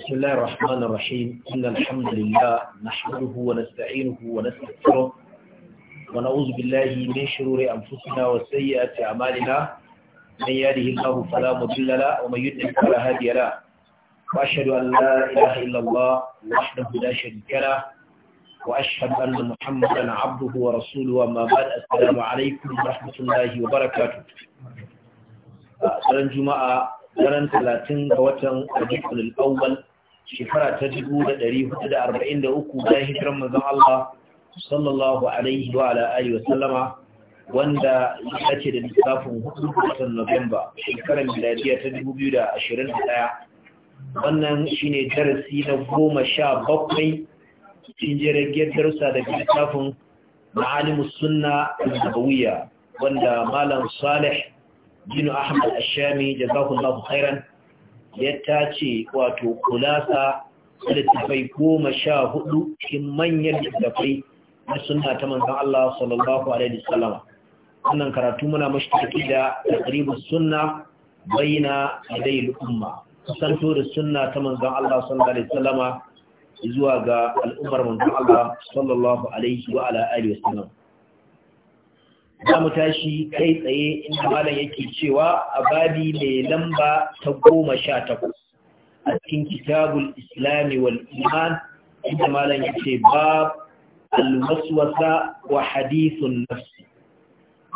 بسم الله الرحمن الرحيم إن الحمد لله نحمده ونستعينه ونستغفره ونعوذ بالله من شرور أنفسنا وسيئات أعمالنا من يهده الله فلا مضل له ومن يضلل فلا هادي له وأشهد أن لا إله إلا الله وحده لا شريك له وأشهد أن محمدا عبده ورسوله وما بعد السلام عليكم ورحمة الله وبركاته سلام juma'a daren talatin ga watan shekara ta dubu da ɗari hudu da arba'in da uku bayan hijiran manzon Allah sallallahu alaihi wa ala alihi wa sallama wanda ya ce da lissafin hudu watan Nuwamba shekarar miladiya ta dubu biyu da ashirin da ɗaya wannan shine darasi na goma sha bakwai cikin jirgin darussa da littafin ma'alimus sunna al-nabawiyya wanda malam Salih bin Ahmad Ashami jazakallahu khairan ya ce wato kulasa littafai goma sha hudu cikin manyan littafai na suna ta manzan Allah sallallahu Alaihi wasallama wannan karatu muna mashtaki da takribu suna bayyana a dai al'umma kusanto da sunna ta manzan Allah sallallahu Alaihi wasallama zuwa ga al'ummar manzan Allah sallallahu Alaihi wa ala za mu tashi kai tsaye inda malam yake cewa a babi mai lamba ta goma sha takwas a cikin kitabul islami wal iman inda malam yake bab alwaswasa wa hadithun nafsi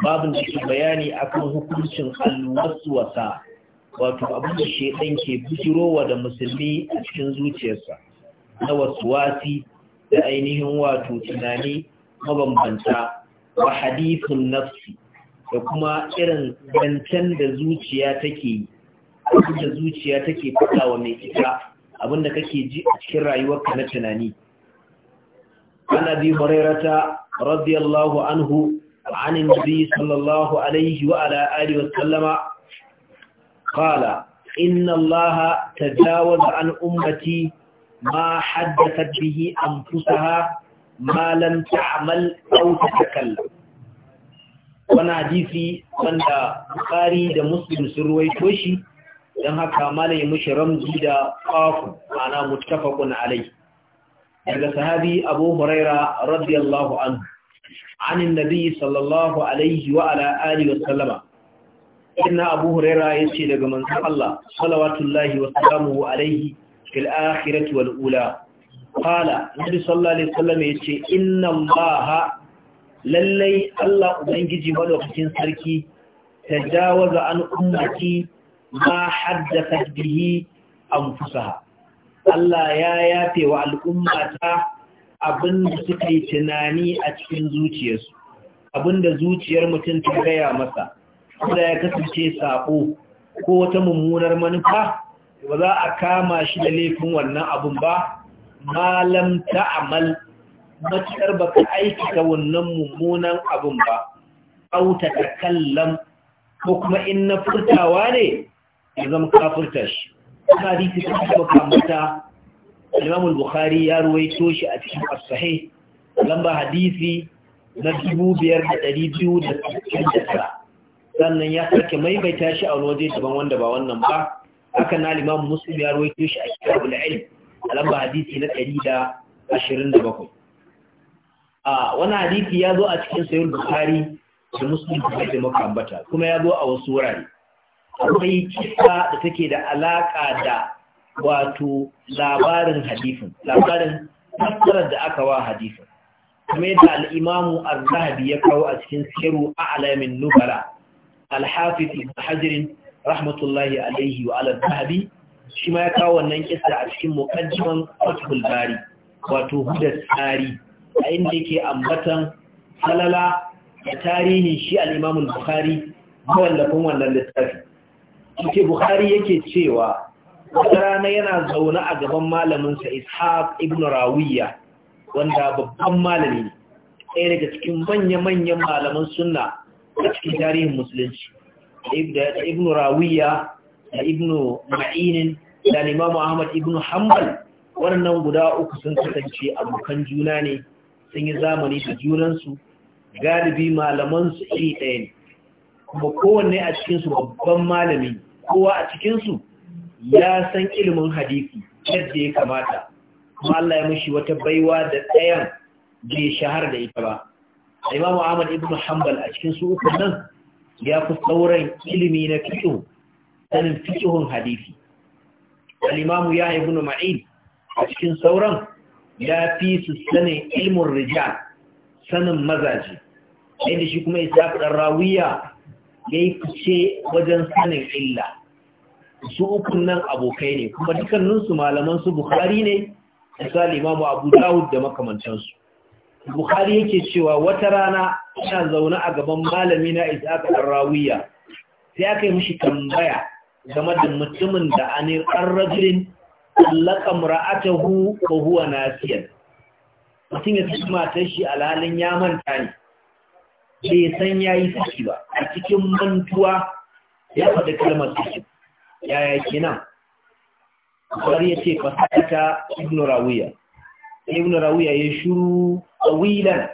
babin da ke bayani akan hukuncin alwaswasa wato abin da shedan ke bujirowa da musulmi a cikin zuciyarsa na wasuwasi da ainihin wato tunani mabambanta wa hadithun nafsi da kuma irin zancen da zuciya take da zuciya take faɗa wa mai ita abinda kake ji a cikin rayuwarka na tunani Ana abi hurairata radiyallahu anhu عن النبي صلى الله عليه وعلى آله وسلم قال إن الله تجاوز عن أمتي ما حدثت به أنفسها malam ta'amal ɗauka ta kalla wani hadisi wanda bukari da muslim sun ruwaito shi don haka malam ya mushi ramzi da ƙafu ana mutafakun alai daga sahabi abu huraira radiyallahu anhu عن النبي صلى الله عليه وعلى آله وسلم إن أبو هريرة يسير من الله صلوات الله وسلامه عليه في الآخرة والأولى Fala, Nabi sallallahu Alaihi wasallam ya ce, Inna ha? lallai Allah Ubangiji madaukakin sarki ta jawaza an ummati ma haddasa bihi an fusaha. Allah ya yafe wa al'ummata abin da suka yi tunani a cikin zuciyarsu, abin da zuciyar mutum ta gaya masa, kuma ya kasance saƙo ko wata mummunar manufa ba za a kama shi da laifin wannan abin ba malam amal, matakar ba ka ta wannan mummunan abin ba auta ta kallon ko kuma in na furtawa ne ya zama furta shi kuma hadisi ta kuma kamata imamul bukhari ya ruwaito toshi a cikin asahi lamba hadisi na 5,269 sannan ya sake maimaita shi a waje daban wanda ba wannan ba haka na limamin musulmi ya ruwaito shi a kitabul ilm a lamba hadisi na ɗari da ashirin da bakwai a wani hadisi ya zo a cikin sayar bukari da musulun da da muka kuma ya zo a wasu wurare akwai kisa da take da alaƙa da wato labarin hadisin labarin fassarar da aka wa hadisin kuma yadda al'imamu al-zahabi ya kawo a cikin siru a alamin nubara Alhafi hafiz rahmatullahi alaihi wa al-zahabi shi ma ya kawo wannan kisa a cikin mukaddiman fatul bari wato huda tsari a inda yake ambatan halala da tarihin shi al-imam al-bukhari mawallafin wannan littafi yake bukhari yake cewa wata rana yana zaune a gaban malaminsa ishaq ibn rawiya wanda babban malami ne ɗaya daga cikin manya-manyan malaman sunna a cikin tarihin musulunci da ibn rawiya da ibn ma'inin da limamu ahmad ibn hanbal waɗannan guda uku sun kasance abokan juna ne sun yi zamani da junansu galibi malamansu iri ɗaya ne kuma kowanne a cikinsu babban malami kowa a cikinsu ya san ilimin hadisi yadda ya kamata kuma Allah ya mushi wata baiwa da ɗayan bai shahar da ita ba imamu ahmad ibn hanbal a cikin su uku nan ya fi sauran ilimi na fiqh sanin fiqhun hadisi Alimamu ya ya na ma'il a cikin sauran ya fi su sanin ilmin rijal sanin mazaje inda shi kuma isa dan rawiya yayi fice wajen sanin illa su ukun nan abokai ne kuma dukkaninsu malaman su bukhari ne misali imamu abu dawud da makamantansu bukhari yake cewa wata rana ina zaune a gaban malami na isa dan rawiya sai aka yi mishi tambaya game da mutumin da an yi anir tallaka mura'ata hu ko huwa siyar. mutum ya saki matar shi alhalin ya manta ne bai san ya yi saki ba a cikin mantuwa ya faɗi kalmar yi yaya nan? Kwar ya ce fasata ibn rawiya ibn rawiya ya shuru tsawilan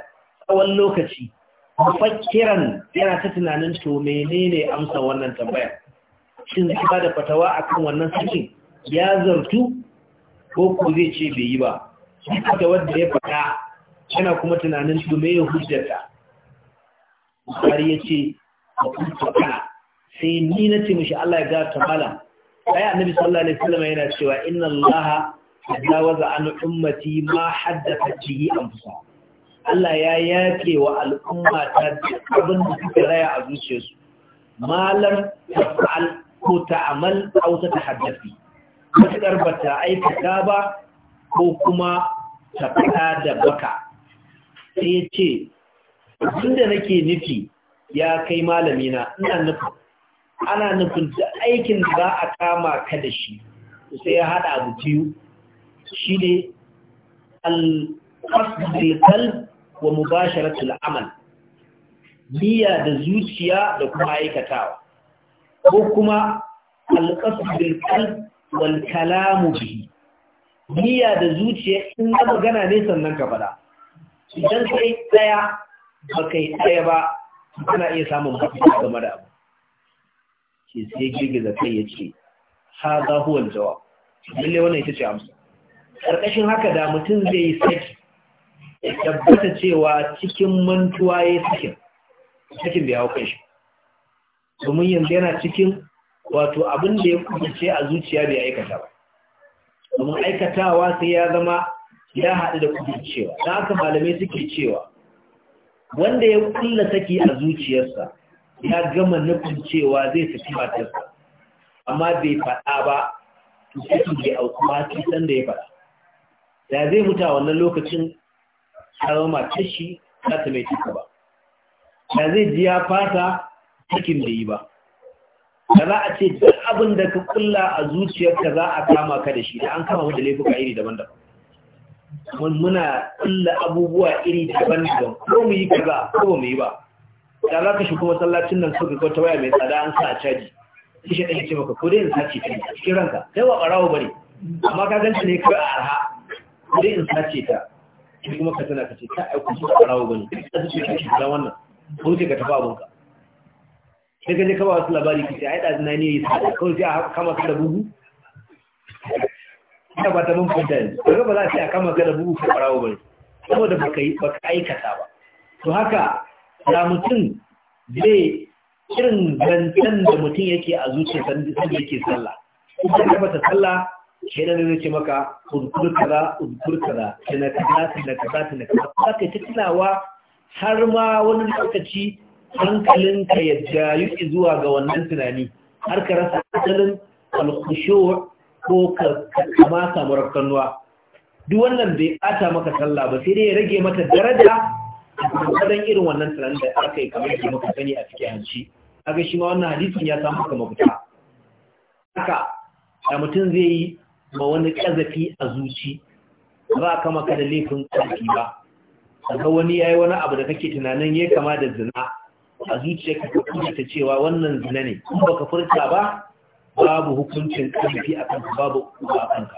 tsawon lokaci mafakiran yana ta tunanin to menene amsa wannan tambayar? shin zai ba da fatawa a kan wannan sakin ya zartu ko ku zai ce bai yi ba suka da wadda ya fata yana kuma tunanin dume ya hujjata bukari ya ce a kusa sai ni na ce mashi Allah ya ga tamala sai annabi sallallahu alaihi wasallam yana cewa inna Allah tajawaza an ummati ma haddatha an anfusa Allah ya yafe wa al'umma ta abin da suka raya a zuciyarsu malam tafal ko ta a aw ta tahaddafi matuƙar ba ta aikata ba ko kuma ta fada da baka sai ya ce tunda nake nufi ya kai malamina, na ina nufi ana nufin da aikin da za a kama ka da shi sai ya haɗa abu biyu shi ne al wa mubasharatul amal niyya da zuciya da kuma aikatawa ko kuma alƙasar bilkal wal bihi niyya da zuciya in na magana ne sannan ka faɗa idan kai ɗaya ba kai ɗaya ba kana iya samun mafita game da abu ke sai girgiza kai ya ce ha za huwan jawa lalle wannan ita ce amsa ƙarƙashin haka da mutum zai yi saki ya tabbata cewa cikin mantuwa ya yi sakin sakin bai hau kan shi domin yanzu yana cikin wato abin da ya kubuce a zuciya da ya aikata ba domin aikatawa sai ya zama ya haɗu da kubucewa don haka malamai suke cewa wanda ya kulla saki a zuciyarsa ya gama nufin cewa zai saki matarsa amma bai faɗa ba to saki ya auku ba san da ya faɗa da zai mutu a wannan lokacin har matar za ta mai cika ba da zai ji ya fata sakin da yi ba da za a ce duk abin da ka kulla a zuciyarka za a kama ka da shi da an kama mu da laifuka iri daban-daban mun muna kulla abubuwa iri daban-daban ko mu yi kaza ko ba mu yi ba da za ka kuma masallacin nan suka ga ta waya mai tsada an sa a caji shi shi ɗaya ce maka ko dai in sace ta cikin ranka kai ba ɓarawo bane amma ka ganta ne kawai a arha ko dai in sace ta kuma ka tana ka ce ta aiki su ɓarawo bane a zuciya ka shiga wannan ko ce ka tafi abinka sai ka je kaba wasu labari kace ai da zina ne yi sada kawai sai a kama ka da bugu ina ba ta mun fita ne kaga ba za a ce a kama ka da bugu ko barawo bane saboda baka yi baka aikata ba to haka da mutum zai irin zancen da mutum yake a zuciya sanda yake sallah kuma ka bata sallah ke da zai ce maka uzkur kaza uzkur kaza kina kaza kina kaza kina kaza ka ta tunawa har ma wani lokaci hankalinka ya jayu zuwa ga wannan tunani har ka rasa asalin alkushuwa ko ka kama samu kanuwa. duk wannan bai ɓata maka sallah ba sai dai ya rage maka daraja wadan irin wannan tunanin da aka yi kamar ke maka sani a cikin hanci ga shi ma wannan hadisin ya samu maka mafita haka da mutum zai yi ma wani ƙazafi a zuci ba a kama ka da laifin ƙarfi ba kaga wani ya yi wani abu da kake tunanin ya kama da zina a zuciyarki ka furta cewa wannan zina ne kuma baka furta ba babu hukuncin ƙarfi a kanka babu uba a kanka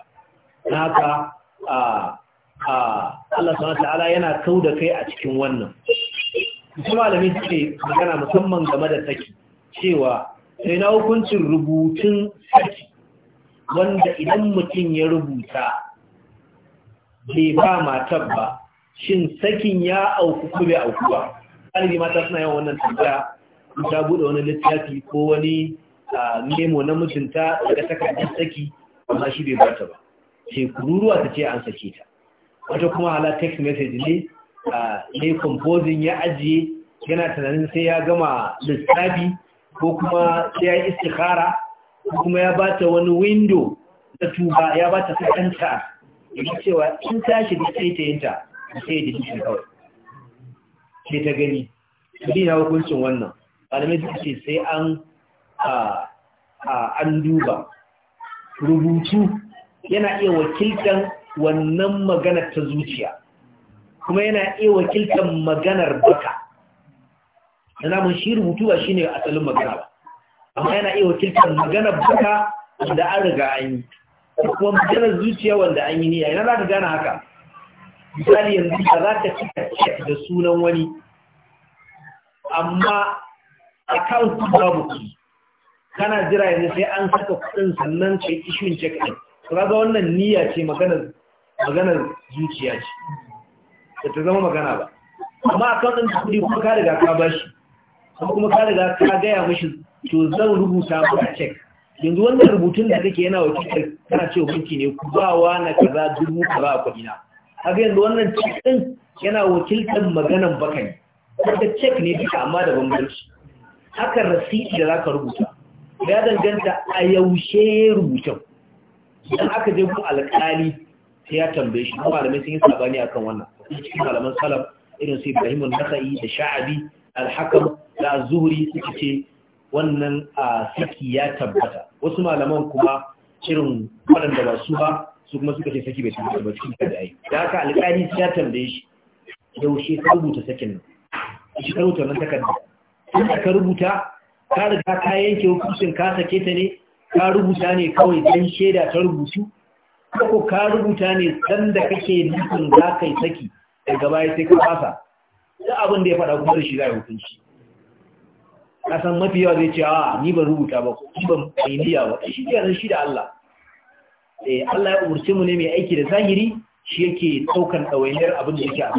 na haka a Allah subhanahu ta'ala yana kau da kai a cikin wannan kuma malami ce magana musamman game da saki cewa sai na hukuncin rubutun saki wanda idan mutum ya rubuta bai ba matar ba shin sakin ya auku ko bai auku ba ƙarfi mata suna yawan wannan tambaya in ta bude wani littafi ko wani nemo na mutunta daga takardar saki amma shi bai bata ba sai kururuwa ta ce an sake ta wata kuma hala text message ne ne composing ya ajiye yana tunanin sai ya gama lissafi ko kuma sai ya yi istikhara ko kuma ya bata wani window na tuba ya bata sakanta ya cewa in ta shiga sai ta yinta sai ya dijitin kawai sai ta gani bi na hukuncin wannan malamai suka ce sai an an duba rubutu yana iya wakiltan wannan maganar ta zuciya kuma yana iya wakiltan maganar baka na mun shi rubutu ba shi ne asalin magana ba amma yana iya wakiltan maganar baka da an riga an yi kuma maganar zuciya wanda an yi niyya yana za ka gana haka misali yanzu ba za ka cika cek da sunan wani amma account ba buki kana jira yanzu sai an saka kuɗin sannan kai ishin cek ɗin kaga wannan niyya ce maganar maganar zuciya ce da ta zama magana ba amma account ɗin kuɗi kuma ka riga ka bashi kuma ka riga ka gaya mashi to zan rubuta maka cek yanzu wannan rubutun da kake yana wakiltar kana cewa banki ne ku ba wa na kaza dubu kaza a na? haka yanzu wannan cik ɗin yana wakiltar maganan bakan da cek ne duka amma da bambanci haka rasiti da za ka rubuta ya danganta a yaushe rubutun idan aka je ku alkali sai ya tambaye shi kuma malamai sun yi sabani akan wannan cikin malaman salaf irin su ibrahimun nasa'i da sha'abi alhakam da zuhuri suka ce wannan a ah, saki ya tabbata wasu malaman kuma irin waɗanda ba su ba su kuma suka ce saki bai tabbata ba cikin da ai da haka alƙali ya tambaye shi yaushe ka rubuta sakin nan shi ka rubuta nan takarda in ka rubuta ka riga ka yanke hukuncin ka sake ta ne ka rubuta ne kawai dan shaida ta rubutu ko ka rubuta ne dan da kake nufin za ka yi saki daga baya sai ka fasa da abin da ya faɗa kuma da shi za a yi hukunci kasan mafi yawa zai ce a ni ban rubuta ba ko ban mai niyya ba shi ke shi da Allah Eh, Allah ya umarci mu ne mai aiki da zahiri shi yake ɗaukan dawainiyar abin da yake a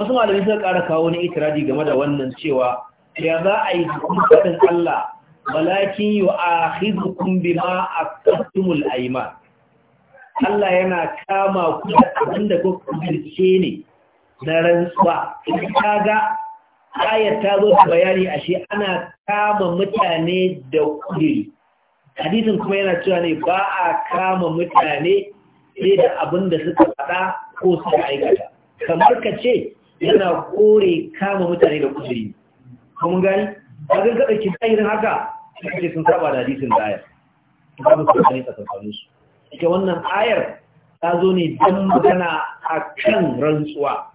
wasu malamai suka ƙara kawo wani itiradi game da wannan cewa ya za a yi kuma faɗin Allah malakin yi a hizukun bima a kastumul aima. Allah yana kama ku da abin da ku kudurce ne na rantsuwa ta ga ayar ta zo da bayani ashe ana kama mutane da kudiri hadisin kuma yana cewa ne ba a kama mutane sai da abin da suka faɗa ko suka aikata kamar ka ce yana kore kama mutane da kujiri kuma gani ba zan kaɗa ki tsayirin haka suka ce sun saba da hadisin da ayar babu a tsakanin su ita wannan ayar ta zo ne don magana a kan rantsuwa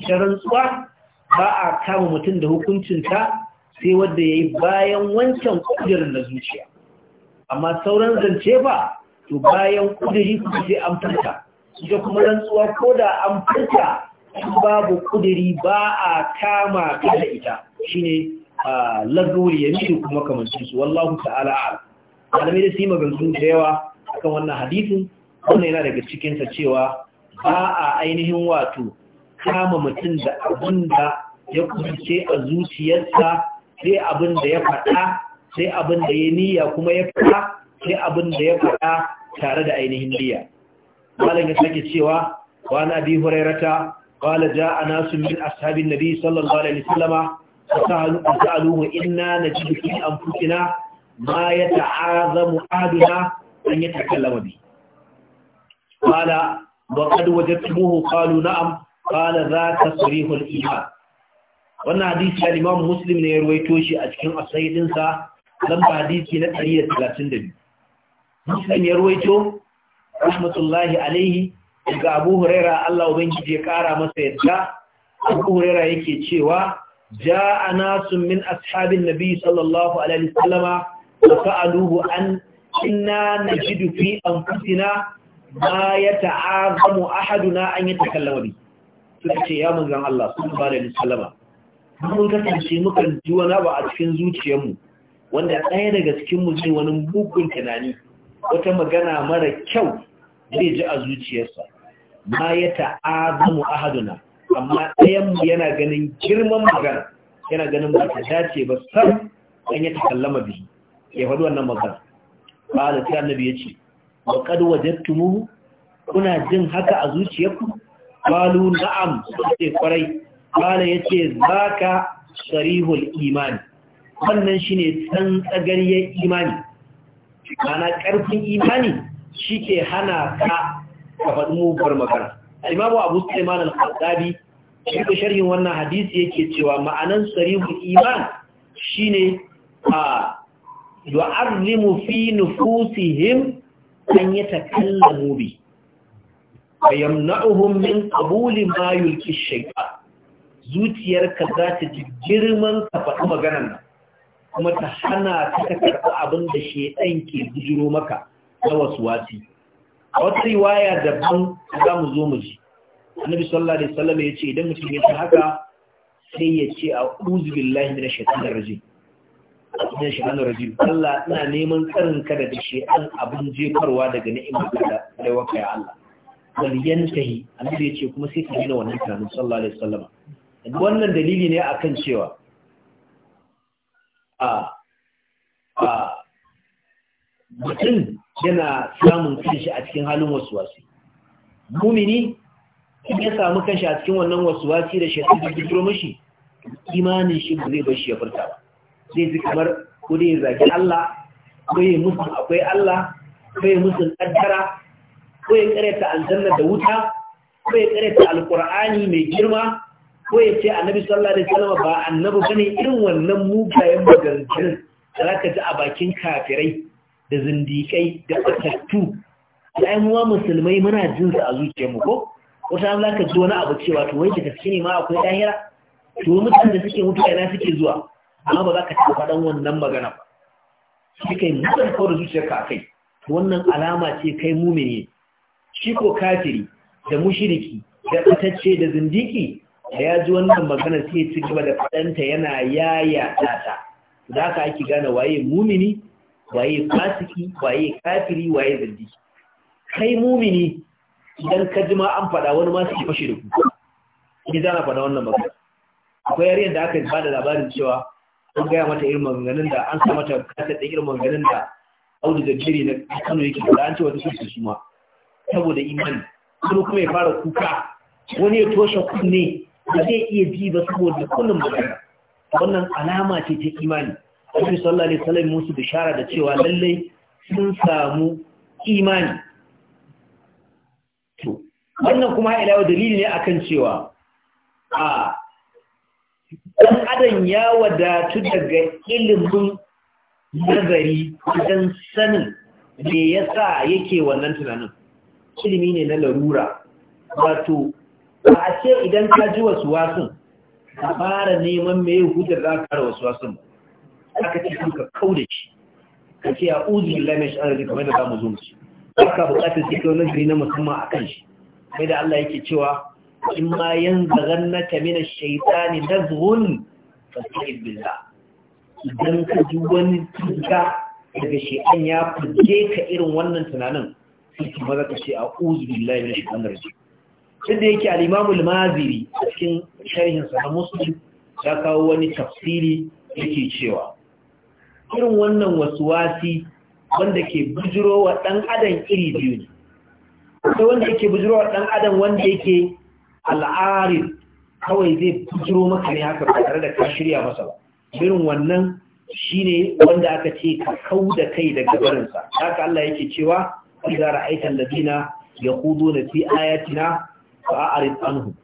ita rantsuwa ba a kama mutum da hukuncinta sai wadda ya yi bayan wancan kujerar na zuciya amma sauran zance ba to bayan kudiri kuma sai an furta ita kuma rantsuwa ko da an furta babu kudiri ba a kama kada ita shine lagori ya miru kuma kamar su wallahu ta'ala a malamai da su yi maganganu da yawa akan wannan hadisin wannan yana daga cikinsa cewa ba a ainihin wato kama mutum da abin da ya kusance a zuciyarsa sai abin da ya faɗa sai abin da ya niya kuma ya faɗa sai abin da ya faɗa tare da ainihin niyya malam ya sake cewa wa na bi hurairata qala ja'a nasu min ashabin nabi sallallahu alaihi wasallama fasaluhu inna najidu fi anfusina ma yata'azamu aduna an yatakallama bi qala wa qad wajadtumuhu qalu na'am qala za tasrihul iman wannan hadisi al-imam muslim ne ya ruwaito shi a cikin asaidinsa lamba hadisi na 132 muslim ya ruwaito rahmatullahi alaihi daga abu huraira Allah ubangiji ya kara masa yadda abu huraira yake cewa ja'a nasun min ashabin nabi sallallahu alaihi wasallama wa sa'aluhu an inna najidu fi anfusina ma yata'azamu ahaduna an yatakallama bi suka ce ya manzon Allah sallallahu alaihi wasallama mun kasance mukan ji wani ba a cikin zuciyarmu wanda ɗaya daga cikin mu zai wani mugun tunani wata magana mara kyau zai ji a zuciyarsa ma ya a ahaduna amma ɗayan yana ganin girman magana yana ganin ba ta dace ba sam an ya takallama bihi ya faɗi wannan magana ba da ta annabi ya ce wa wajen wajadtumuhu kuna jin haka a zuciyarku qalu na'am sai kwarai qala yace zaka sarihul imani wannan shine san tsagariyar imani mana ƙarfin imani shi ke hana ka ka faɗi muguwar magana Imam abu Suleiman al-qaddabi shi sharhin wannan hadisi yake cewa ma'anan sarihul iman shine a yu'arrimu fi nufusihim an yatakallamu bi wa yamna'uhum min qabuli ma yulki shaytan zuciyarka za ta ji girman ka faɗi maganar nan kuma ta hana ta karɓi abin da ɗan ke bijiro maka na wasi. a wata riwaya daban za mu zo mu ji annabi sallallahu alaihi wasallam ya ce idan mutum ya ta haka sai ya ce a uzu billahi da shaitanir rajim minash da rajim Allah ina neman tsarin ka daga ɗan abin jefarwa daga ni'imar da da rewa kai Allah wal yantahi annabi ya ce kuma sai ka gina wannan tunanin sallallahu alaihi wasallam wannan dalili ne akan cewa a mutum yana samun kanshi a cikin halin wasuwasi mumini ya samu kanshi a cikin wannan wasuwasi da shaitan da bijiro mishi imanin shi ba zai bar shi ya furta ba zai ji kamar ko dai zagi Allah ko ya musu akwai Allah ko musu kaddara ko ya aljanna da wuta ko ya karanta mai girma ko ya ce annabi sallallahu alaihi wasallam ba annabi bane irin wannan mugayen maganganun da zaka ji a bakin kafirai da zindikai da fatattu ai mu musulmai muna jin su a zuciyarmu ko wata an zaka ji wani abu cewa to wai gaske ne ma akwai lahira to mutanen da suke mutuwa na suke zuwa amma ba za ka taɓa faɗan wannan magana ba shi kai mutan kawar zuciyarka a kai wannan alama ce kai mumini shi ko kafiri da mushiriki da katacce da zindiki ya ji wannan magana sai ci gaba da faɗanta yana yaya ta da haka ake gane waye mumini waye fasiki waye kafiri waye zindi kai mumini idan ka ji ma an faɗa wani ma su fashe da ku ni za na faɗa wannan magana akwai yare da aka ba da labarin cewa an gaya mata irin maganganun da an sa mata kasar da irin maganganun da audu da jiri na kano yake da an ce wata su su ma saboda imani kuma kuma ya fara kuka wani ya toshe kunne ba zai iya ji ba saboda kullum magana wannan alama ce ta imani Annabi sallallahu alaihi wasallam musu bishara da cewa lallai sun samu imani to wannan kuma ila dalili ne akan cewa a dan adam ya wadatu daga ilimin nazari dan sanin me yasa yake wannan tunanin ilimi ne na larura wato ba a ce idan ka ji wasu wasun ka fara neman mai hujjar za ka wasu wasun aka ce ka kau da shi ka ce a uzu lamish an rarrika kamar da za mu zo musu aka bukatar su kyau nazari na musamman a kan shi sai da Allah yake cewa in ma yan zagan na kamina shaitani na zuwun fasirin billah idan ka ji wani tuka daga shaitan ya fuje ka irin wannan tunanin sai maza ka ce a uzu billahi na shaitan duk yake al-imamul maziri a cikin sharhinsa na muslim ya kawo wani tafsiri yake cewa irin wannan waswasi wanda ke bujiro wa dan adam iri biyu ne Sai wanda yake bujiro wa ɗan adam wanda yake al'arif kawai zai bujiro maka ne haka tare da ka shirya masa ba irin wannan shine wanda aka ce ka kau da kai daga barinsa haka Allah yake cewa idza ra'aita alladhina yaquduna fi ayatina ba a anhu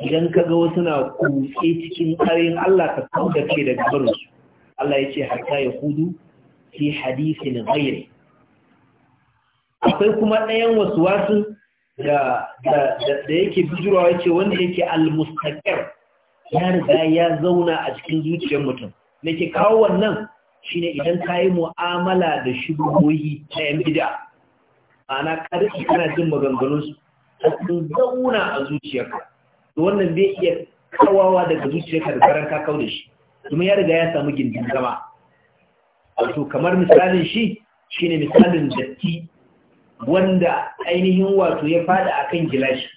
idan ka ga wasu na kutse cikin karin Allah ka kawo da ke daga barinsu Allah ya ce ta ya hudu fi hadisin ghairi akwai kuma ɗayan wasu wasu da yake bijirwa ce wanda yake almustaƙar ya riga ya zauna a cikin zuciyar mutum da ke kawo wannan shine idan ka yi mu'amala da shubuhoyi ta yan bida ana karfi kana jin maganganunsu sun zauna a zuciyarka to wannan zai iya kawawa daga zuciyarka da karan kakau kau da shi kuma ya riga ya samu gindin zama wato kamar misalin shi shine misalin datti wanda ainihin wato ya fada akan gilashi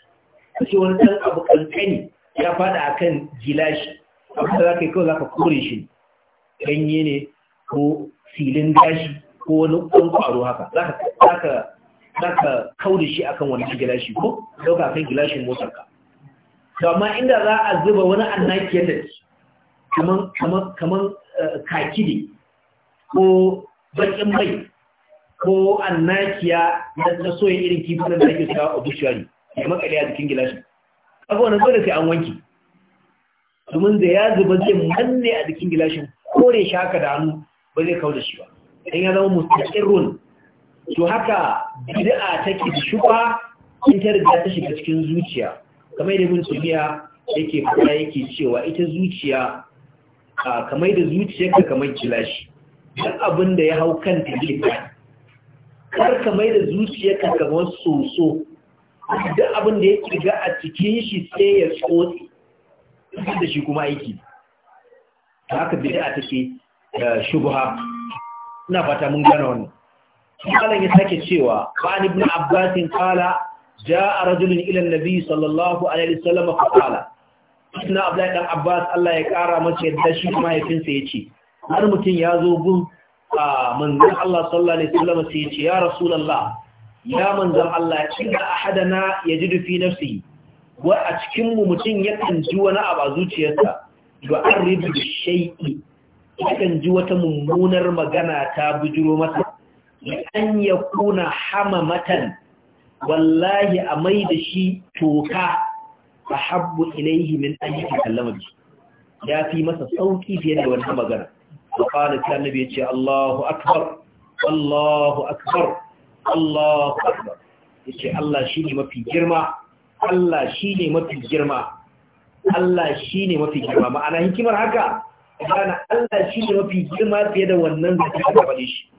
sai wani ɗan abu kankani ya fada akan gilashi abin da zaka yi kawai zaka kore shi ganye ne ko filin gashi ko wani ɗan ƙwaro haka zaka za ka kau da shi akan wani gilashi ko ɗauka kan gilashin motarka to amma inda za a zuba wani annaki ya tafi kaman eh, kaki ne ko bakin mai ko annakiya na soya irin kifunan da ake sa a bushari ya makale a jikin gilashin aka wani dole sai an wanki domin da ya zuba zai manne a jikin gilashin kore shi haka da hannu ba zai kau da shi ba idan ya zama mustaqirrun to haka bid'a take shuba in ta riga ta shiga cikin zuciya kamar da mun tabiya yake fara yake cewa ita zuciya kamar da zuciya ka kamar gilashi duk abin da ya hau ta zai ba kar ka mai da ka kamar soso duk abin da ya kirga a cikin shi sai ya tsotsi da shi kuma aiki haka bid'a take eh, shubha ina fata mun gane wannan malam ya sake cewa "Ba ni bin ibn Kala!" Ja a rajulun ila an-nabi sallallahu alaihi wasallam fa qala ibn abdullah dan abbas Allah ya kara masa yadda shi mahaifinsa yace har mutum ya zo gun Manzan Allah sallallahu alaihi wasallam sai yace ya rasulullah ya Manzan Allah inda ahadana yajidu fi nafsihi wa a cikin mu mutun yakan ji wani abu a zuciyarsa yu'arridu bi shay'i yakan ji wata mummunar magana ta bujiro masa an ya kuna hamamatan wallahi a mai da shi toka a habbu ilaihi min an yi kallama bi ya fi masa sauƙi fiye da wannan magana da kwanar ta annabi ya ce Allahu akbar Allahu akbar Allahu akbar ya ce Allah shi ne mafi girma Allah shi ne mafi girma Allah shi ne mafi girma ma'ana hikimar haka gana Allah shi ne mafi girma fiye da wannan da ta faɗe shi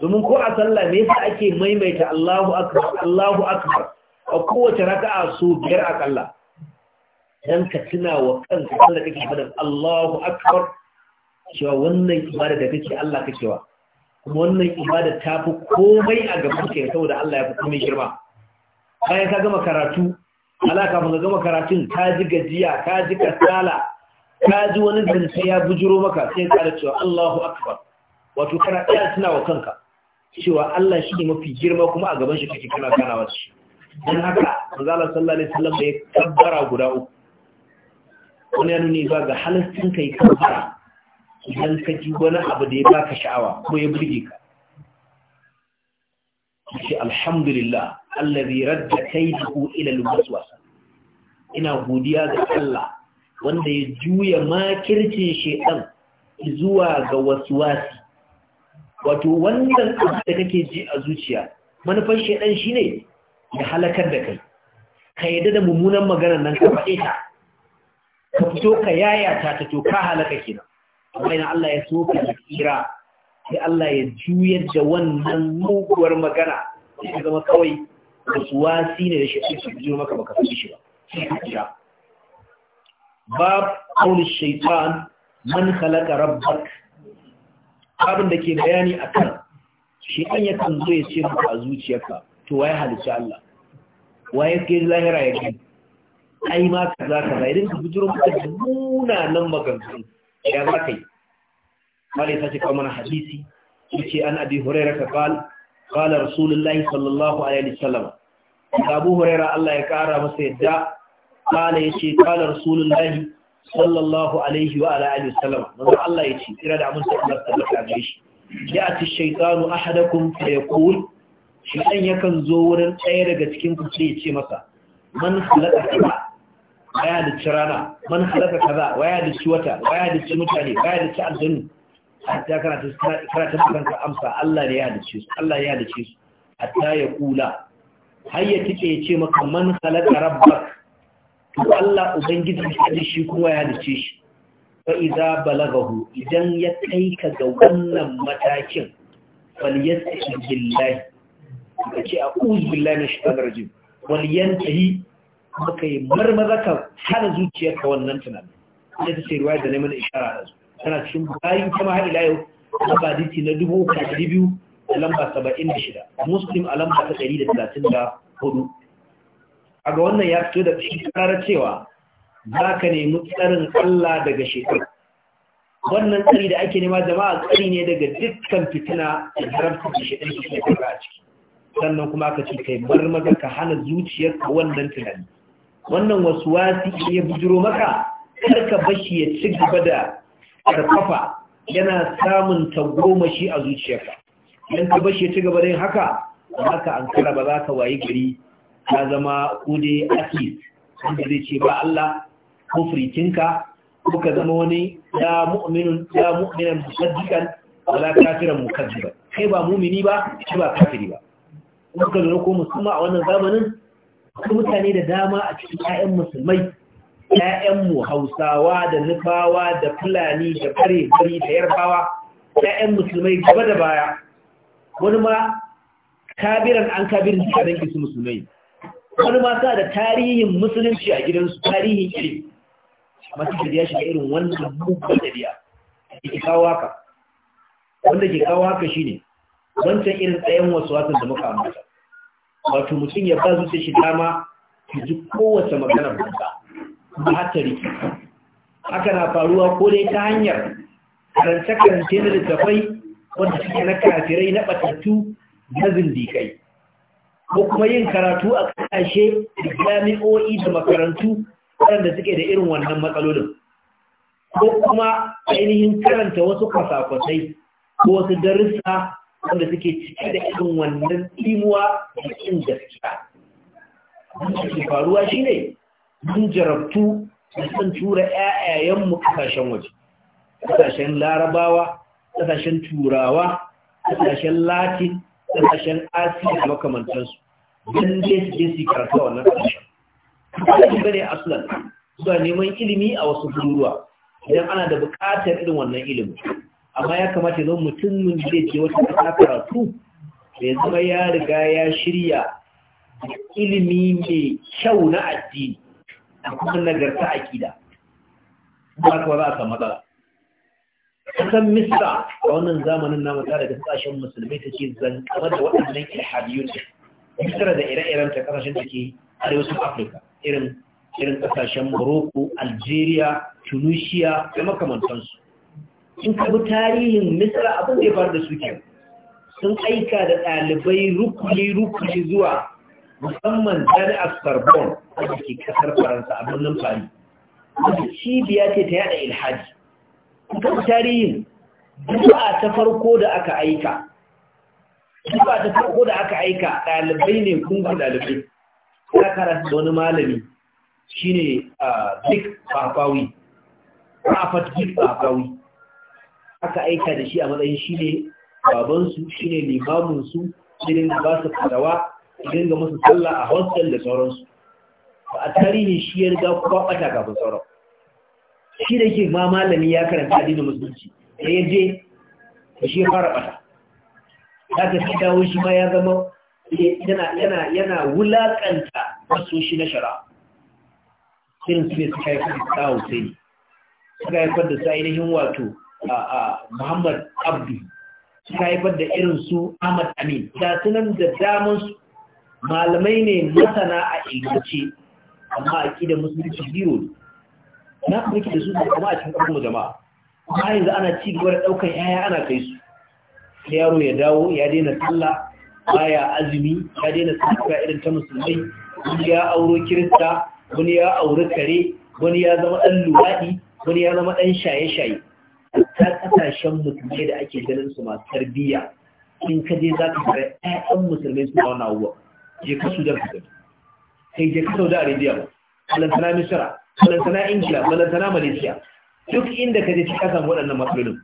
domin ko a sallah me yasa ake maimaita Allahu akbar Allahu akbar a kowace raka'a so biyar akalla dan ka tuna wa kanka sallah kake fadin Allahu akbar cewa wannan ibada da kake Allah kake wa kuma wannan ibada ta fi komai a gaban ka saboda Allah ya fi komai girma bayan ka gama karatu ala ka ka gama karatun ka ji gajiya ka ji kasala ka ji wani zance ya bujiro maka sai ka da cewa Allahu akbar wato kana tsaya tuna wa kanka cewa Allah shi mafi girma kuma a gaban shi kake kana ganawa da shi don haka manzala sallallahu alaihi wasallam da ya kabbara guda uku wani ya ba ga halittun kai yi kabbara idan ka ji wani abu da ya baka sha'awa ko ya burge ka shi alhamdulillah allazi radda kaydahu ila al-waswasa ina godiya ga Allah wanda ya juya makircin shedan zuwa ga waswasi wato wannan abu da kake ji a zuciya manufar shaidan shine ya halakar da kai ka yadda da mummunan maganar nan ka faɗe ta ka fito ka yayata ta to ka halaka kenan amma ina Allah ya so ka tsira sai Allah ya juyar da wannan muguwar magana Ya zama kawai wasi ne da shi su jiro maka baka fi shi ba sai ka tsira bab rabbak abin da ke bayani a kan shi an yi kan zo ya ce maka a zuciyarka to waye halitta Allah waye ke lahira ya gani ai ma ka za ka zai ka bujiro maka da nan maganganu ya za ka yi malai ta ce kawai mana hadisi ya ce an abi hurera ka kal kala rasulullahi sallallahu alaihi wasallam abu hurera Allah ya kara masa yadda kala ya ce kala rasulullahi sallallahu alaihi wa ala alihi wasallam manzo Allah ya ce kira da amin sai Allah tabbata gare shi ya ati shaytanu ahadakum fa yaqul shaytan yakan zo wurin ɗaya daga cikin ku ya ce masa man halaka kaza waya da rana? man halaka kaza waya da wata? waya da ci mutane waya da ci aljanu hatta kana ta kana ta kanka amsa Allah ne ya halice su Allah ya halice su hatta ya kula har ya tike ya ce maka man halaka rabbak to Allah ubangiji da shi kuma ya dace shi fa iza balagahu idan ya kai ka ga wannan matakin fal yastaqi billahi kace a'udhu billahi minash shaitanir rajim wal yantahi maka yi marmaza ka hana zuciyarka wannan tunanin sai ta ce ruwa da neman ishara da su tana cikin bukari kama har ila yau lamba diti na dubu uku da biyu da lamba saba'in da shida muslim a lamba ta ɗari da talatin da hudu a ga wannan ya fito da tsara cewa za ka nemi tsarin Allah daga shekaru wannan tsari da ake nema jama'a tsari ne daga dukkan fitina da haramta da shekaru da shekaru a ciki sannan kuma ka ce kai bar maka ka hana zuciyar ka wannan tunani wannan wasu wasi ya bujiro maka karka bashi ya ci gaba da karfafa yana samun tagomashi a zuciyarka Yanka bashi ya ci gaba da yin haka ba ka an ba za ka wayi gari ya zama kude atheist wanda zai ce ba Allah ko ka zama wani ya mu'minun ya mu'minan musaddiqan wala kafiran mukazziban kai ba mu'mini ba shi ba kafiri ba kuka zo ko musulma a wannan zamanin akwai mutane da dama a cikin ƴaƴan musulmai ƴaƴanmu Hausawa da Nufawa da Fulani da Bare-bare da Yarbawa ƴaƴan musulmai gaba da baya wani ma kabiran an kabirin da danki su musulmai wani ma sa da tarihin musulunci a gidansu tarihin iri amma su ya shiga irin wannan mugun dabi'a da ke kawo haka wanda ke kawo haka shi ne wancan irin tsayen wasu wasan da muka amurka wato mutum ya ba zuce shi dama su ji kowace magana ba ba hatari haka na faruwa ko dai ta hanyar karance-karance na littafai wanda suke na kafirai na batattu na zindikai ko kuma yin karatu a kasashe jami'o'i da makarantu waɗanda suke da irin wannan matsalolin ko kuma ainihin karanta wasu kwasa ko wasu darussa wanda suke cike da irin wannan imuwa da kin gaskiya. Wanda ke faruwa shi ne, mun jarabtu da san tura ƴaƴayenmu ƙasashen waje, ƙasashen larabawa, ƙasashen turawa, ƙasashen latin, kasashen asiya makamantansu don dai su je su karatu a wannan kasashen kuma shi bane aslan zuwa neman ilimi a wasu garuruwa idan ana da bukatar irin wannan ilimi, amma ya kamata zan mutumin zai je wata kasa karatu ya zama ya riga ya shirya ilimi mai kyau na addini da kuma nagarta akida ba ka ba za a samu matsala kasan Mista, a wannan zamanin namu ta daga kasashen musulmai ta ce zanƙama da waɗannan ilhadiyun misra da ire-iren ta kasashen da ke arewacin afirka irin kasashen morocco algeria tunisia da makamantansu in ka bi tarihin misra abin da ya faru da suke, sun aika da ɗalibai rukuli rukuli zuwa musamman jami'ar sorbonne a ke kasar faransa a birnin paris wata cibiya ce ta yada ilhaji kuma tarihin duba ta farko da aka aika duba ta farko da aka aika ɗalibai ne kungun ɗalibai ya karanta wani malami shine zik bafawi rafat zik bafawi aka aika da shi a matsayin shine babansu shine limaminsu irin da ba su fadawa idan ga masu sallah a hostel da sauransu a tarihin shi ya riga kwaɓata kafin sauran shi da ke ma malami ya karanta addinin musulunci da ya je da shi ya fara bata ta ka shi dawo shi ma ya zama yana wulaƙanta wasu shi na shara irin su ne suka haifar da ne su suka haifar da sa ainihin wato muhammad abdu suka haifar da irin su ahmad amin da sunan da su malamai ne masana a ilmace amma a ƙi da musulunci biyu ne na muke da su da kuma a cikin ƙarfin jama'a amma yanzu ana ci gaba da ɗaukar yaya ana kai su yaro ya dawo ya daina sallah baya azumi ya daina sallah irin ta musulmai wani ya auro kirista wani ya auri kare wani ya zama ɗan luwaɗi wani ya zama ɗan shaye-shaye ta ƙasashen musulmai da ake ganin su masu tarbiyya in ka je za ka fara ɗan musulmai su wani abubuwa je ka sudan ka kai je ka da arabiya ba alantana misira malantana ingila malantana malaysia duk inda ka je kasan waɗannan matsalolin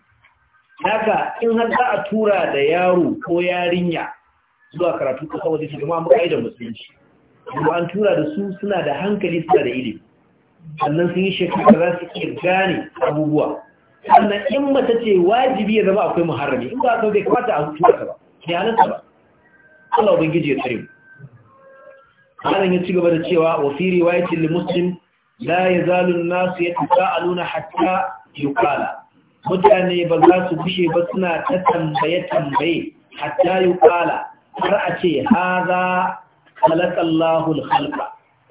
haka in har za a tura da yaro ko yarinya zuwa karatu ko kawo shi kuma muka da musulunci kuma an tura da su suna da hankali suna da ilimi sannan sun yi shekaru za su iya gane abubuwa sannan in mace ce wajibi ya zama akwai muharrami in ba ka bai kwata a tura ka ba ne halatta ba Allah ubangiji ya tsare mu Allah ya ci gaba da cewa wa fi riwayatin li muslim la ya an-nasu nuna hatta yuqala mutane ba za su bushe ba suna ta tambaye tambaye hatta yuqala har a ce haza khalaqallahu al-khalqa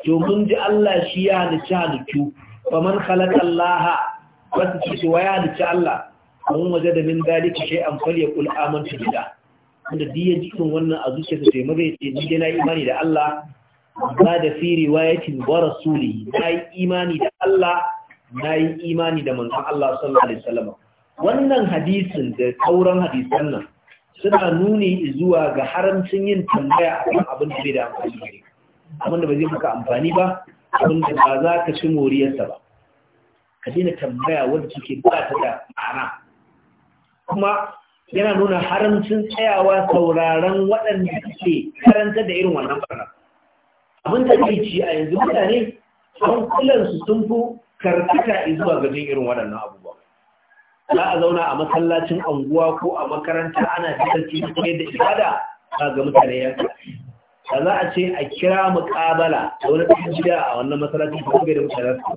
to ji Allah shi ya halicci halittu Ba man khalaqallaha wasu ce wa ya halicci Allah mun waje da min dalika shay'an falyaqul amantu gida. wanda duk ya wannan a zuciyarsa sai maza ya ce ni dai na imani da Allah ba da fi riwayatin wa rasuli na yi imani da Allah na yi imani da manzan Allah sallallahu alaihi wasallam wannan hadisin da sauran hadisan nan suna nuni zuwa ga haramcin yin tambaya akan abin da bai da amfani ba, abin da ba zai maka amfani ba abin da ba za ka ci moriyarsa ba ka daina tambaya wadda suke ba ta da ma'ana kuma yana nuna haramcin tsayawa sauraron waɗanda suke karanta da irin wannan barna abin da ke ci a yanzu mutane su sun fi karfika zuwa gajin irin waɗannan abubuwa za a zauna a masallacin anguwa ko a makaranta ana jikarci ne da ibada ba ga mutane ya ba za a ce a kira muƙabala da wani ɗan gida a wannan masallacin ko bai da mutane su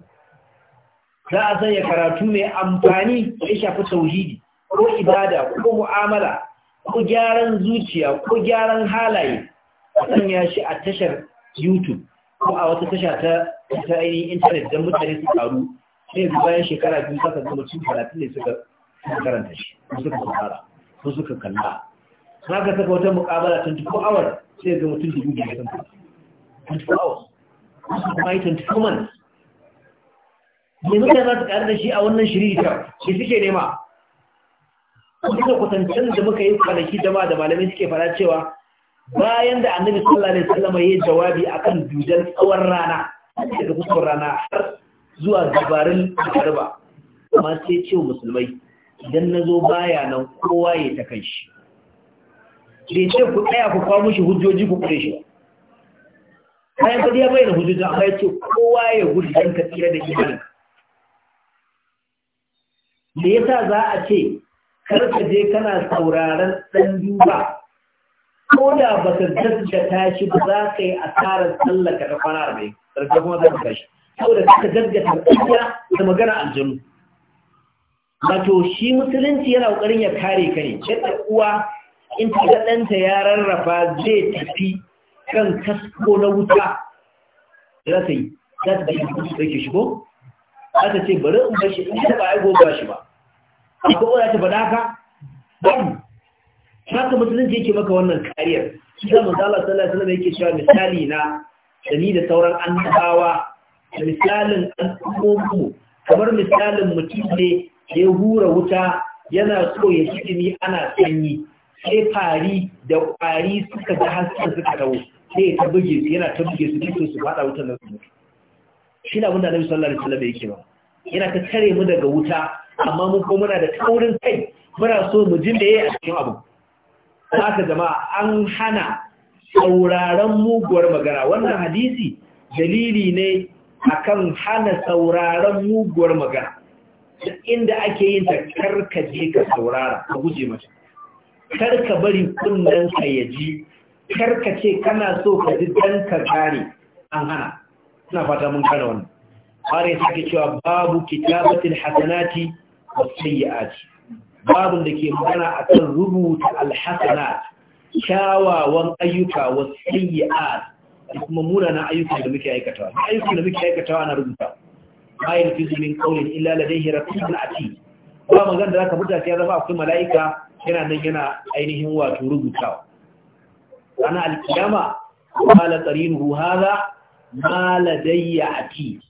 za a sanya karatu mai amfani mai ya shafi tauhidi ko ibada ko mu'amala ko gyaran zuciya ko gyaran halaye a sanya shi a tashar youtube ko a wata tasha ta ta ainihin intanet don mutane su karu sai yanzu bayan shekara biyu saka ga cin talatin ne suka karanta shi ko suka fara, ko suka kalla na ka saka wata muƙabala 24 hours sai ga mutum dubu biyu san fara 24 hours su kuma yi 24 months ne mutane za su ƙarar da shi a wannan shiri ta shi suke nema kuma kwatancen da muka yi kwanaki dama da malamai suke fara cewa bayan da annabi sallallahu alaihi wasallam ya jawabi akan dudan tsawon rana daga kusur rana har zuwa gabarin karba amma sai ce musulmai idan nazo baya nan kowa ya ta kai shi sai ce ku tsaya ku kawo mushi hujjoji ku kure shi bayan fadi bai bayyana hujjoji amma ya ce kowa ya gudu don ka tsira da imanin me yasa za a ce kar ka je kana sauraron dan duba ko da ba ka gaggata shi ba za ka yi asarar tsallaka da kwana arba'in sarki kuma za ka shi saboda za ka gaggata ƙungiya, da magana aljanu wato shi musulunci yana ƙoƙarin ya kare ka ne yadda uwa in ta ɗanta ya rarrafa zai tafi kan kasko na wuta za ta yi za ta yi kusa su ɗauke shigo za ta ce bari in bashi in ta ba a yi gobe shi ba akwai wadda ta faɗa ka ɗan haka musulunci yake maka wannan kariyar shi da mazala sallallahu alaihi wasallam yake cewa misali na dani da sauran annabawa misalin al'ummu kamar misalin mutum ne ya hura wuta yana so ya ji ni ana sanyi sai fari da ƙwari suka ga hasken suka dawo sai ya tabbige su yana tabbige su duk su fada wutar nan su mutu shi da abinda Annabi sallallahu alaihi wasallam yake ba yana ta tare mu daga wuta amma mun ko muna da taurin kai muna so mu jin da yayi a cikin abu haka jama'a an hana sauraron muguwar magana wannan hadisi dalili ne akan hana sauraron muguwar magana inda ake yin ta karka je ka saurara ka guje mata karka bari kunnen ka ji, karka ce kana so ka ji dan ka kare an hana ina fata mun kare wannan bare sake cewa babu kitabatil hasanati was aji. babin da ke magana akan rubuta alhasana kyawawan ayyuka wa a da kuma munanan ayyuka da muke aikatawa ayyukan da muke aikatawa na rubuta bayan fizimin da illa ladayhi a ci. ba magana da zaka buta sai zama akwai mala'ika yana nan yana ainihin wato rubutawa ana alkiyama qala qarinuhu hadha ma a ci.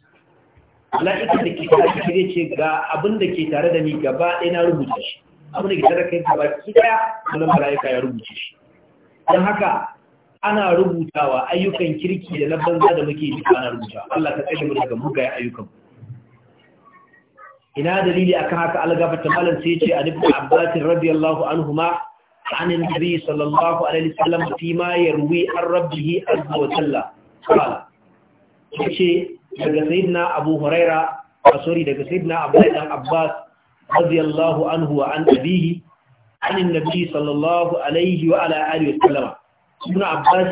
mala'ikan da ke tare da zai ce ga abin da ke tare da ni gaba ɗaya na rubuce shi abin da ke tare da kai gaba ki ɗaya wannan mala'ika ya rubuce shi don haka ana rubutawa ayyukan kirki da na banza da muke yi ana rubuta Allah ka tsaye mu daga mugaye ayyukan ina dalili akan haka gafata malam sai ce a ibn abbasin radiyallahu anhuma عن النبي صلى الله عليه وسلم فيما an rabbihi ربه عز وجل Ya ce daga sayyidina abu huraira a ah, sorry daga sayyidina abdullahi dan abbas radiyallahu anhu wa an abihi anin nabi sallallahu alaihi wa ala alihi wa sallama ibn abbas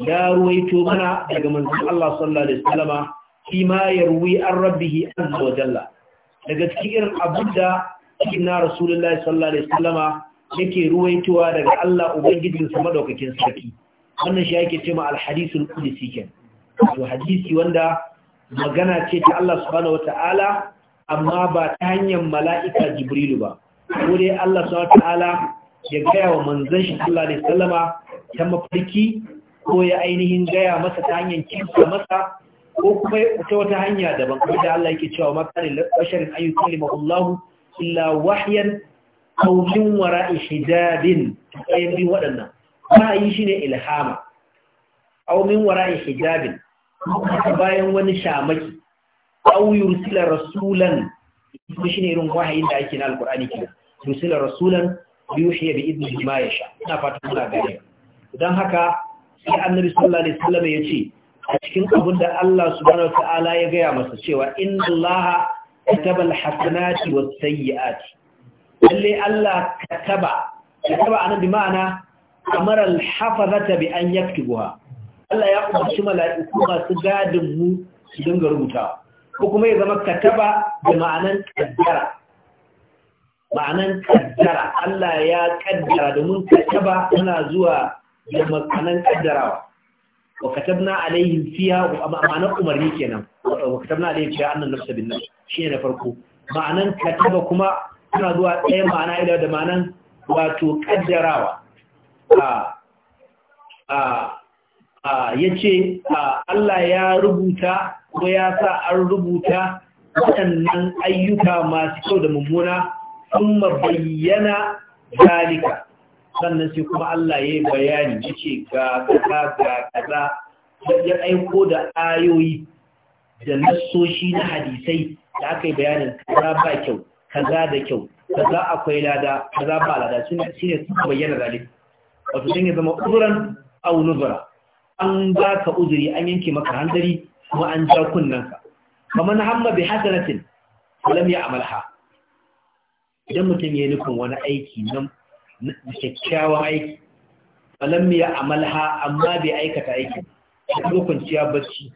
ya ruwaito mana daga manzon Allah sallallahu alaihi wa sallama fi ma yarwi an rabbih azza wa jalla daga cikin irin abinda sayyidina rasulullahi sallallahu alaihi wa sallama yake ruwaitowa daga Allah ubangijinsa madaukakin sarki wannan shi yake cewa al-hadisul qudsi kenan to hadisi wanda magana ce ta Allah subhanahu wata'ala amma ba ta hanyar mala'ika jibrilu ba ko dai Allah subhanahu wata'ala ya gaya wa manzon shi sallallahu alaihi wasallama ta mafarki ko ya ainihin gaya masa ta hanyar kinsa masa ko kuma ta wata hanya daban ko da Allah yake cewa makarin basharin ayyukan Allah illa wahyan aw min wara'i hijabin ayyubi wadannan shi shine ilhama aw wara'in wara'i hijabin bayan wani shamaki aw yursila rasulan ko shine irin wahayin da ake na alqur'ani ke yursila rasulan yuhiya bi idnihi ma yasha ina fata kuna gane dan haka sai annabi sallallahu alaihi wasallam ya ce a cikin abin da Allah subhanahu Ta'ala ya gaya masa cewa inna allaha kataba alhasanati was-sayyi'ati lalle Allah kataba kataba anan bi ma'ana amara alhafazata bi an yaktubuha Allah ya umarci mala'iku masu gadinmu su dinga rubuta ko kuma ya zama kataba da ma'anan kaddara ma'anan kaddara Allah ya kaddara domin kataba suna zuwa da ma'anan kaddarawa wa katabna alaihim fiha ma'anan umarni kenan wa katabna alaihim fiha annan nafsa bin shi ne na farko ma'anan kataba kuma suna zuwa ɗaya ma'ana ila da ma'anan wato kaddarawa ah, ah, ya ce Allah ya rubuta ko ya sa an rubuta waɗannan ayyuka masu kyau da mummuna sun bayyana zalika sannan sai kuma Allah ya yi bayani ya ce ga kaza ga kaza ya aiko da ayoyi da nassoshi na hadisai da aka yi bayanin kaza ba kyau kaza da kyau kaza akwai lada kaza ba lada shine suka bayyana zalika wato shine zama uzuran aw nuzura an ba ka uzuri an yanke maka handari kuma an ja kunnanka kamar na hamma bi hasanatin lam ya amalha idan mutum ya nufin wani aiki nan kyakkyawan aiki lam ya amalha amma bai aikata aiki da kuma kwanciya bacci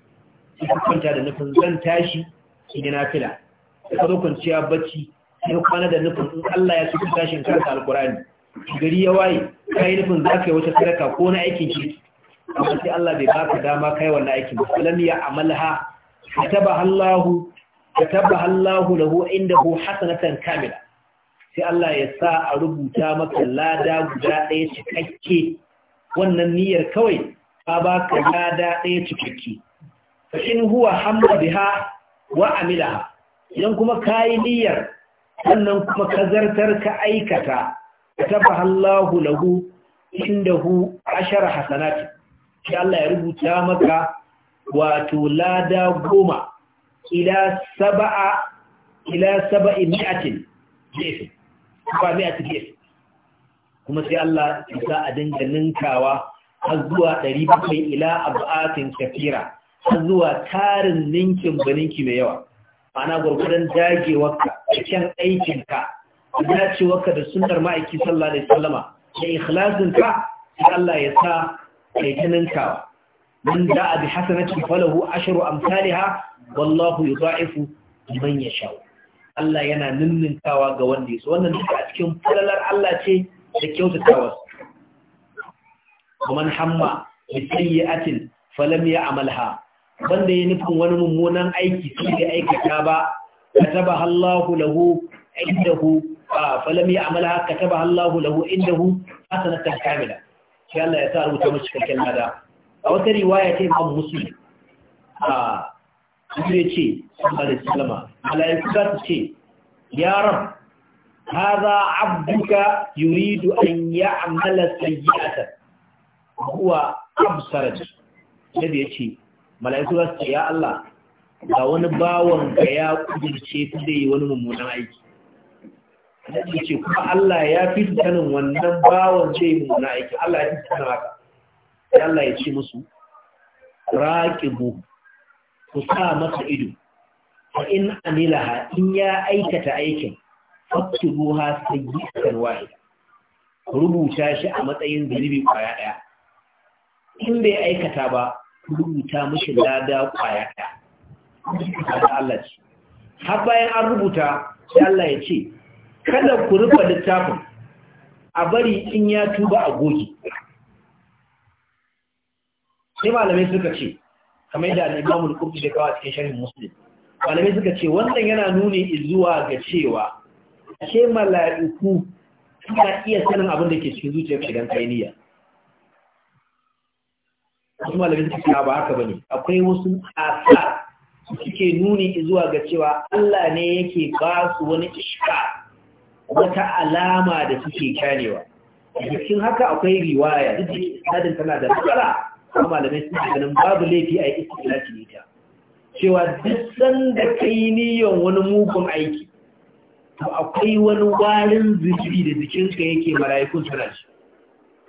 sai kwanta da nufin zan tashi shi na fila sai kwanciya bacci ko kwana da nufin in Allah ya suka tashin karanta alqur'ani gari ya waye kai nufin zakai yi wata sadaka ko na aikin ki? amma sai Allah bai baka dama kai wannan aikin ba lam ya amalha kataba Allahu kataba Allahu lahu indahu hasanatan kamila sai Allah ya sa a rubuta maka lada guda ɗaya cikakke wannan niyyar kawai ka baka lada ɗaya cikakke fa in huwa hamma biha wa amilaha idan kuma kayi niyyar wannan kuma ka zartar ka aikata kataba Allahu lahu indahu ashara hasanati sai Allah ya rubuta maka wato lada goma ila saba'a ila saba'i mi'atin jefi kuma mi'ati jefi kuma sai Allah ya sa a dinga ninkawa har zuwa ɗari bakwai ila abu'atin kafira har zuwa tarin ninkin baninki mai yawa ana gurgudan dagewarka a kyan aikinka dacewarka da sunar ma'aiki sallah da sallama da ikhlasinka sai Allah ya sa kai ta ninkawa man bi hasanatin falahu asharu amsaliha wallahu yudha'ifu ya sha. Allah yana ninninkawa ga wanda yaso wannan duka a cikin falalar Allah ce da kyautatawa man hamma bi sayyi'atin falam ya'malha wanda ya nufin wani mummunan aiki sai da aikata ba katabaha Allahu lahu indahu falam ka taba Allahu lahu hu, hasanatan kamila sai Allah ya sa a rubuta mashi cikakken lada a wata riwaya ta imam muslim a zai ce sallallahu alaihi wasallam malaiku za su ce ya rab hadha abduka yuridu an ya'mala sayyi'atan huwa absaraj nabi ya ce malaiku za su ce ya Allah ga wani bawon ga ya kudurce ta zai yi wani mummunan aiki ya ce kuma Allah ya fi sanin wannan bawan zai yi aiki Allah ya fi sanin haka sai Allah ya ce musu raqibu ku sa masa ido fa in amilaha in ya aikata aikin faktubuha sayyi'atan wahida rubuta shi a matsayin zunubi kwaya daya in bai aikata ba rubuta mashi lada kwaya ɗaya. Allah ce, har bayan an rubuta, sai Allah ya ce, kada ku rufe littafin a bari in ya tuba a goge sai malamai suka ce kamar da al'imamul kurdi da kawo cikin sharhin muslim malamai suka ce wannan yana nuni zuwa ga cewa ashe mala'iku suna iya sanin abin da ke cikin zuciyar shigan kainiya wasu malamai suka ce ba haka bane akwai wasu asa suke nuni zuwa ga cewa Allah ne yake ba su wani ishka wata alama da suke kyanewa cikin haka akwai riwaya duk da sadin tana da matsala kuma malamai suna ganin babu laifi a yi ne ta cewa duk sanda kai niyan wani mugun aiki to akwai wani warin zubi da jikinka yake mala'ikun suna shi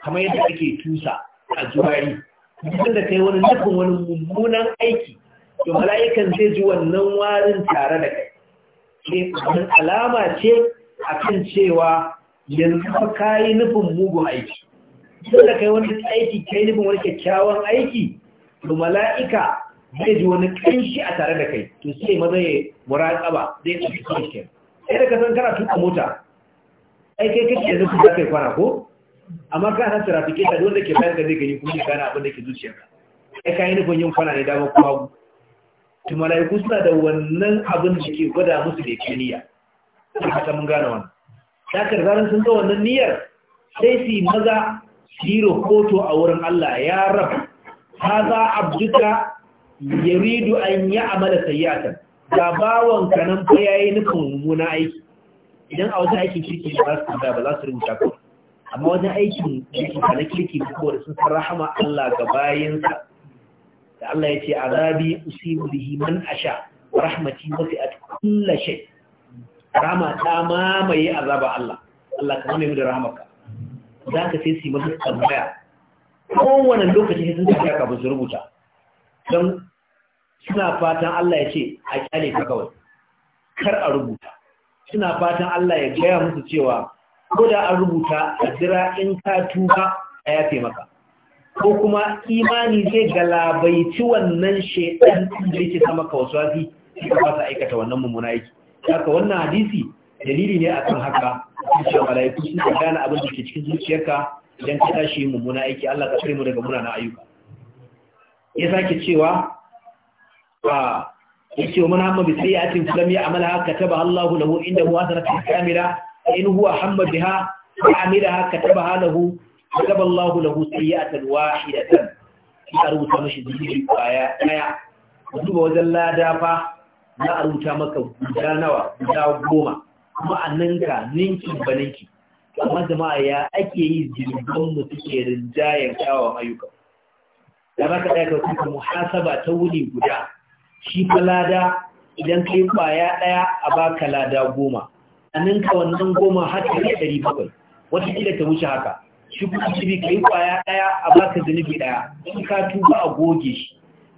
kamar yadda ake tusa a juwari duk sanda kai wani nufin wani mummunan aiki to mala'ikan zai ji wannan warin tare da kai sai alama ce A kan cewa yanzu fa yi nufin mugun aiki da kai wani aiki ka yi nufin wani kyakkyawan aiki to mala'ika zai ji wani ƙanshi a tare da kai to sai maza ya tsaba, zai tafi kanshi sai da ka san kana tuka mota ai kai kake da nufin za ka yi kwana ko amma ka san trafike ta wanda ke bayan ka zai gani kuma ya gane abin da ke zuciyarka ai yi nufin yin kwana ne dama kuma to mala'iku suna da wannan abin da ke gwada musu da ke niyya sun haka mun gane wannan dakar zaran sun zama wannan niyyar sai su yi maza su yi rahoto a wurin Allah ya rab ha za abduka ya ridu an yi amala sayyata ga bawon kanan fa ya yi nufin mummuna aiki idan a wajen aikin kirki ba su da ba za su rubuta ko amma wajen aikin kirki ba na kirki ba ko da sun san rahama Allah ga bayansa da Allah ya ce azabi usibu bihi man asha rahmati wasi'at kulli shay' rama ta mamaye azaba Allah Allah ka mamaye da ramaka. za ka sai su yi masu tambaya kowane lokaci sai sun tafiya kafin su rubuta don suna fatan Allah ya ce a kyale ka kawai kar a rubuta suna fatan Allah ya gaya musu cewa ko da an rubuta a jira in ka tuba a yafe maka ko kuma imani zai galabaici wannan shaidan da yake sama ka wasu wafi ka fasa aikata wannan mummuna yake haka wannan hadisi dalili ne akan haka cewa malaiku suna gane abin da ke cikin zuciyarka idan ka tashi mummuna aiki Allah ka tsare mu daga munana ayyuka ya sake cewa a yace wa man hamma bi sayyi'atin falam ya'malha kataba Allahu lahu indahu hasanatan kamila in huwa hamma biha fa'amilaha katabaha lahu kataba Allahu lahu sayyi'atan wahidatan ya rubuta mishi zunubi kwaya daya duba wajen ladafa za a rubuta maka guda nawa guda goma kuma a ninka ninki ba ninki amma jama'a ya ake yi zirgin mu suke rinjayen kawo ayyuka da maka ka ɗaya ka kuka muhasaba ta wuni guda shi fa lada idan kai kwaya ɗaya a baka lada goma a ninka wannan goma har ta ɗari bakwai wata kila ta wuce haka shi kuma bi kai kwaya ɗaya a baka zunubi ɗaya in ka tuba a goge shi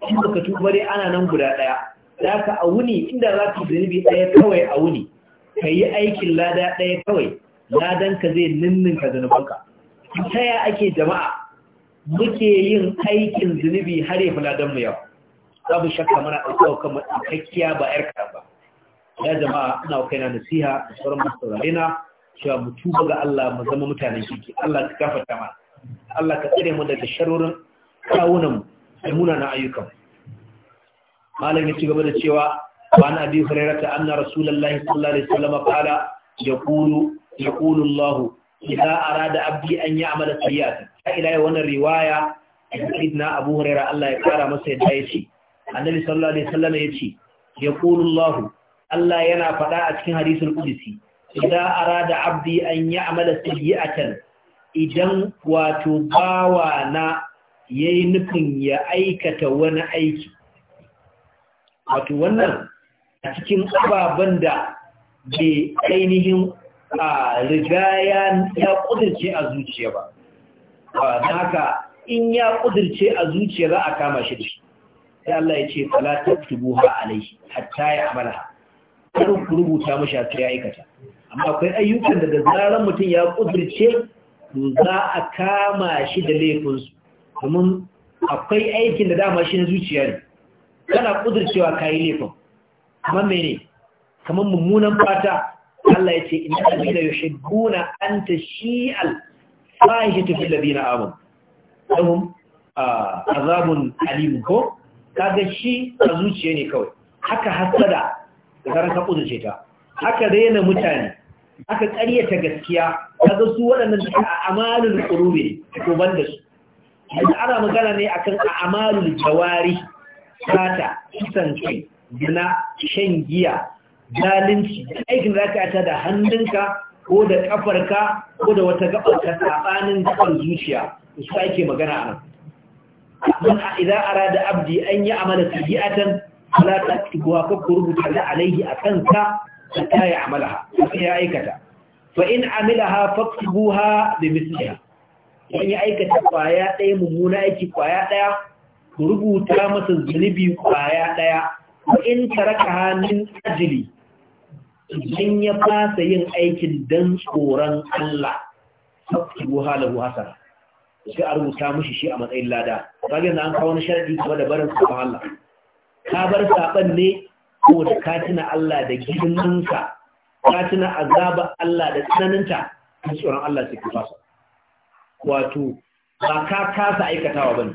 in baka tuba dai ana nan guda ɗaya za ka a wuni inda za ka zunubi ɗaya kawai a wuni ka yi aikin lada ɗaya kawai ladanka zai ninninka zunubanka ta ya ake jama'a muke yin aikin zunubi har yi ladanmu yau mu shakka mana ɗaukan matsakakkiya ba ‘yarka ba ya jama'a ina kai na nasiha da sauran masu saurare na cewa mu tuba ga Allah mu zama mutanen shiki Allah ka kafa mana Allah ka tsare mu daga sharorin kawunan mu da munanan ayyukan malam ya ci gaba da cewa ba na abi hurera ta anna rasulullah sallallahu alaihi wasallam qala yaqulu yaqulu allah idha arada abdi an ya'mala sayyi'ata ta ila wannan riwaya ibn abu hurera allah ya fara masa yadda yace annabi sallallahu alaihi wasallam yace yaqulu allah allah yana fada a cikin hadisul qudsi idha arada abdi an ya'mala sayyi'atan idan wato bawa na yayi nufin ya aikata wani aiki wato wannan a cikin ababen da bai ainihin a riga ya ƙudurce a zuciya ba ba haka in ya ƙudurce a zuciya za a kama shi da shi sai Allah ya ce fala ha alaihi hatta ya amala kar ku rubuta mashi hatta ya aikata amma akwai ayyukan da da zaran mutum ya ƙudurce to za a kama shi da laifinsu domin akwai aikin da dama shi na zuciya ne kana kudurcewa kayi laifin amma mene kamar mummunan fata Allah ya ce inna alladhina yuhibbuna an tashi'al fahishatu fil na amanu lahum azabun alim ko kaga shi a zuciya ne kawai haka hasada da karan ka kudurce ta haka daina mutane haka ƙaryata gaskiya kaga su waɗannan amalul ko ban da su yanzu ana magana ne akan amalul jawari sata isan kai zina shan giya zalunci aikin da ka ta da hannunka ko da kafarka ko da wata gabarka tsabanin gaban zuciya su ake magana a nan idan arada abdi an yi amala sayyi'atan fala taktubuha ka rubuta da alaihi akan ka ta amala ha sai ya aikata fa in amilaha faktubuha bi misliha in yi aikata kwaya ɗaya mummuna aiki kwaya ɗaya ku rubuta masa zunubi kwaya ɗaya in taraka hannun ajili idan ya fasa yin aikin don tsoron Allah sabtu buha hasana sai a rubuta mushi shi a matsayin lada kage da an kawo wani sharaɗi kuma da barin sabon Allah ka bar saɓan ne ko da ka tuna Allah da girmansa ka tuna azaba Allah da tsananinta don tsoron Allah sai ku fasa wato ba ka kasa aikatawa ba ne.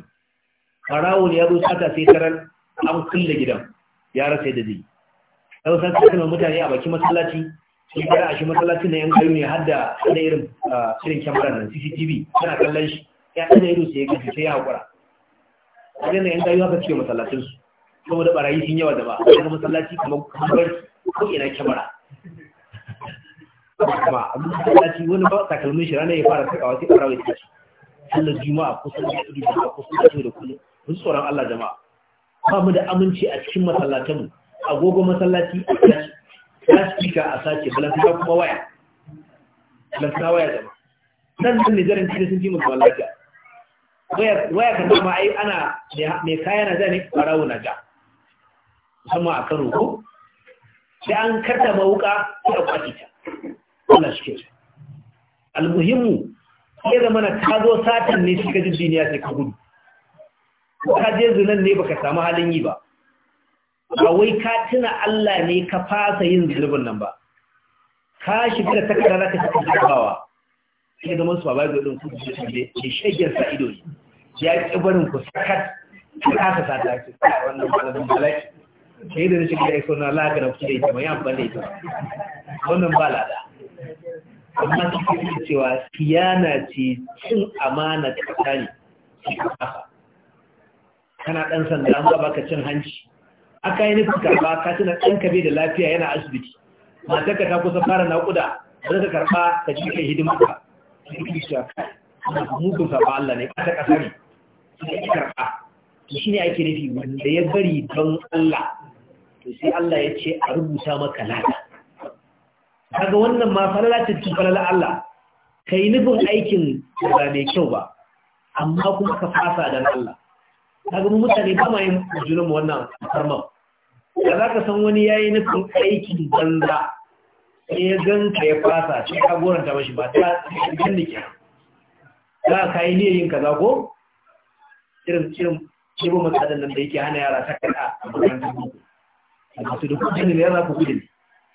farawun ya zo sata sai tarar an kulle gidan ya rasa yadda zai yau sa ta kama mutane a bakin masallaci sun fara a shi masallacin na yan kayu ne har da da irin shirin kyamara nan cctv suna kallon shi ya ɗaga ido sai ya gaji sai ya haƙura wajen da yan kayu haka suke masallacinsu saboda barayi sun yawa da ba a masallaci kamar kamar ko ina kyamara ba a masallaci wani ba takalmin shi ranar ya fara takawa sai ɓarawa ya tashi sallar juma'a kusan da ko da kusan da kullum mun tsoron Allah jama'a ba mu da aminci a cikin masallatanmu agogo masallaci a kashi lasfika a sace balantana kuma waya balantana waya jama'a nan nan ne jarin cikin sun fi mutuwa lafiya waya kan dama ai ana mai kaya na zane Farawo na ga musamman a kano ko sai an karta mawuka ta kwaki ta wannan shi ke almuhimmu sai zama na ta zo satan ne shi gajin duniya sai ka gudu ko ka je zinan ne baka samu halin yi ba a wai ka tuna Allah ne ka fasa yin zulubin nan ba ka shiga da takarda za ka saka jarabawa sai zaman su babai gudun ku da shaggiyar sa ido ne ya ki barin ku sakat ta kasa sa ta ce wannan malamin malaki sai da shi da iso na laga da kuke da mai amfani da wannan ba lada amma su ke cewa siyana ce cin amana ta kasa ne kana ɗan sanda an ba ka cin hanci aka yi nufin karɓa ka tuna ɗan kabe da lafiya yana asibiti matarka ta kusa fara naƙuda ba ka karɓa ka ci kai hidima ka mugun ba Allah ne ta ƙasa ne sai yi karɓa to ne ake nufi wanda ya bari don Allah to sai Allah ya ce a rubuta maka lada kaga wannan ma falala ta ci falala Allah kai nufin aikin da ba mai kyau ba amma kuma ka fasa don Allah kaga mu mutane ba ma yin junan mu wannan karma da zaka san wani yayi nufin aikin banza sai ya ganka ya fasa shi ka goranta mashi ba ta cikin nike za ka yi ne yin kaza ko irin irin shigo matsadan nan da yake hana yara ta kada a makarantar boko a masu da kudin da yara ku kudin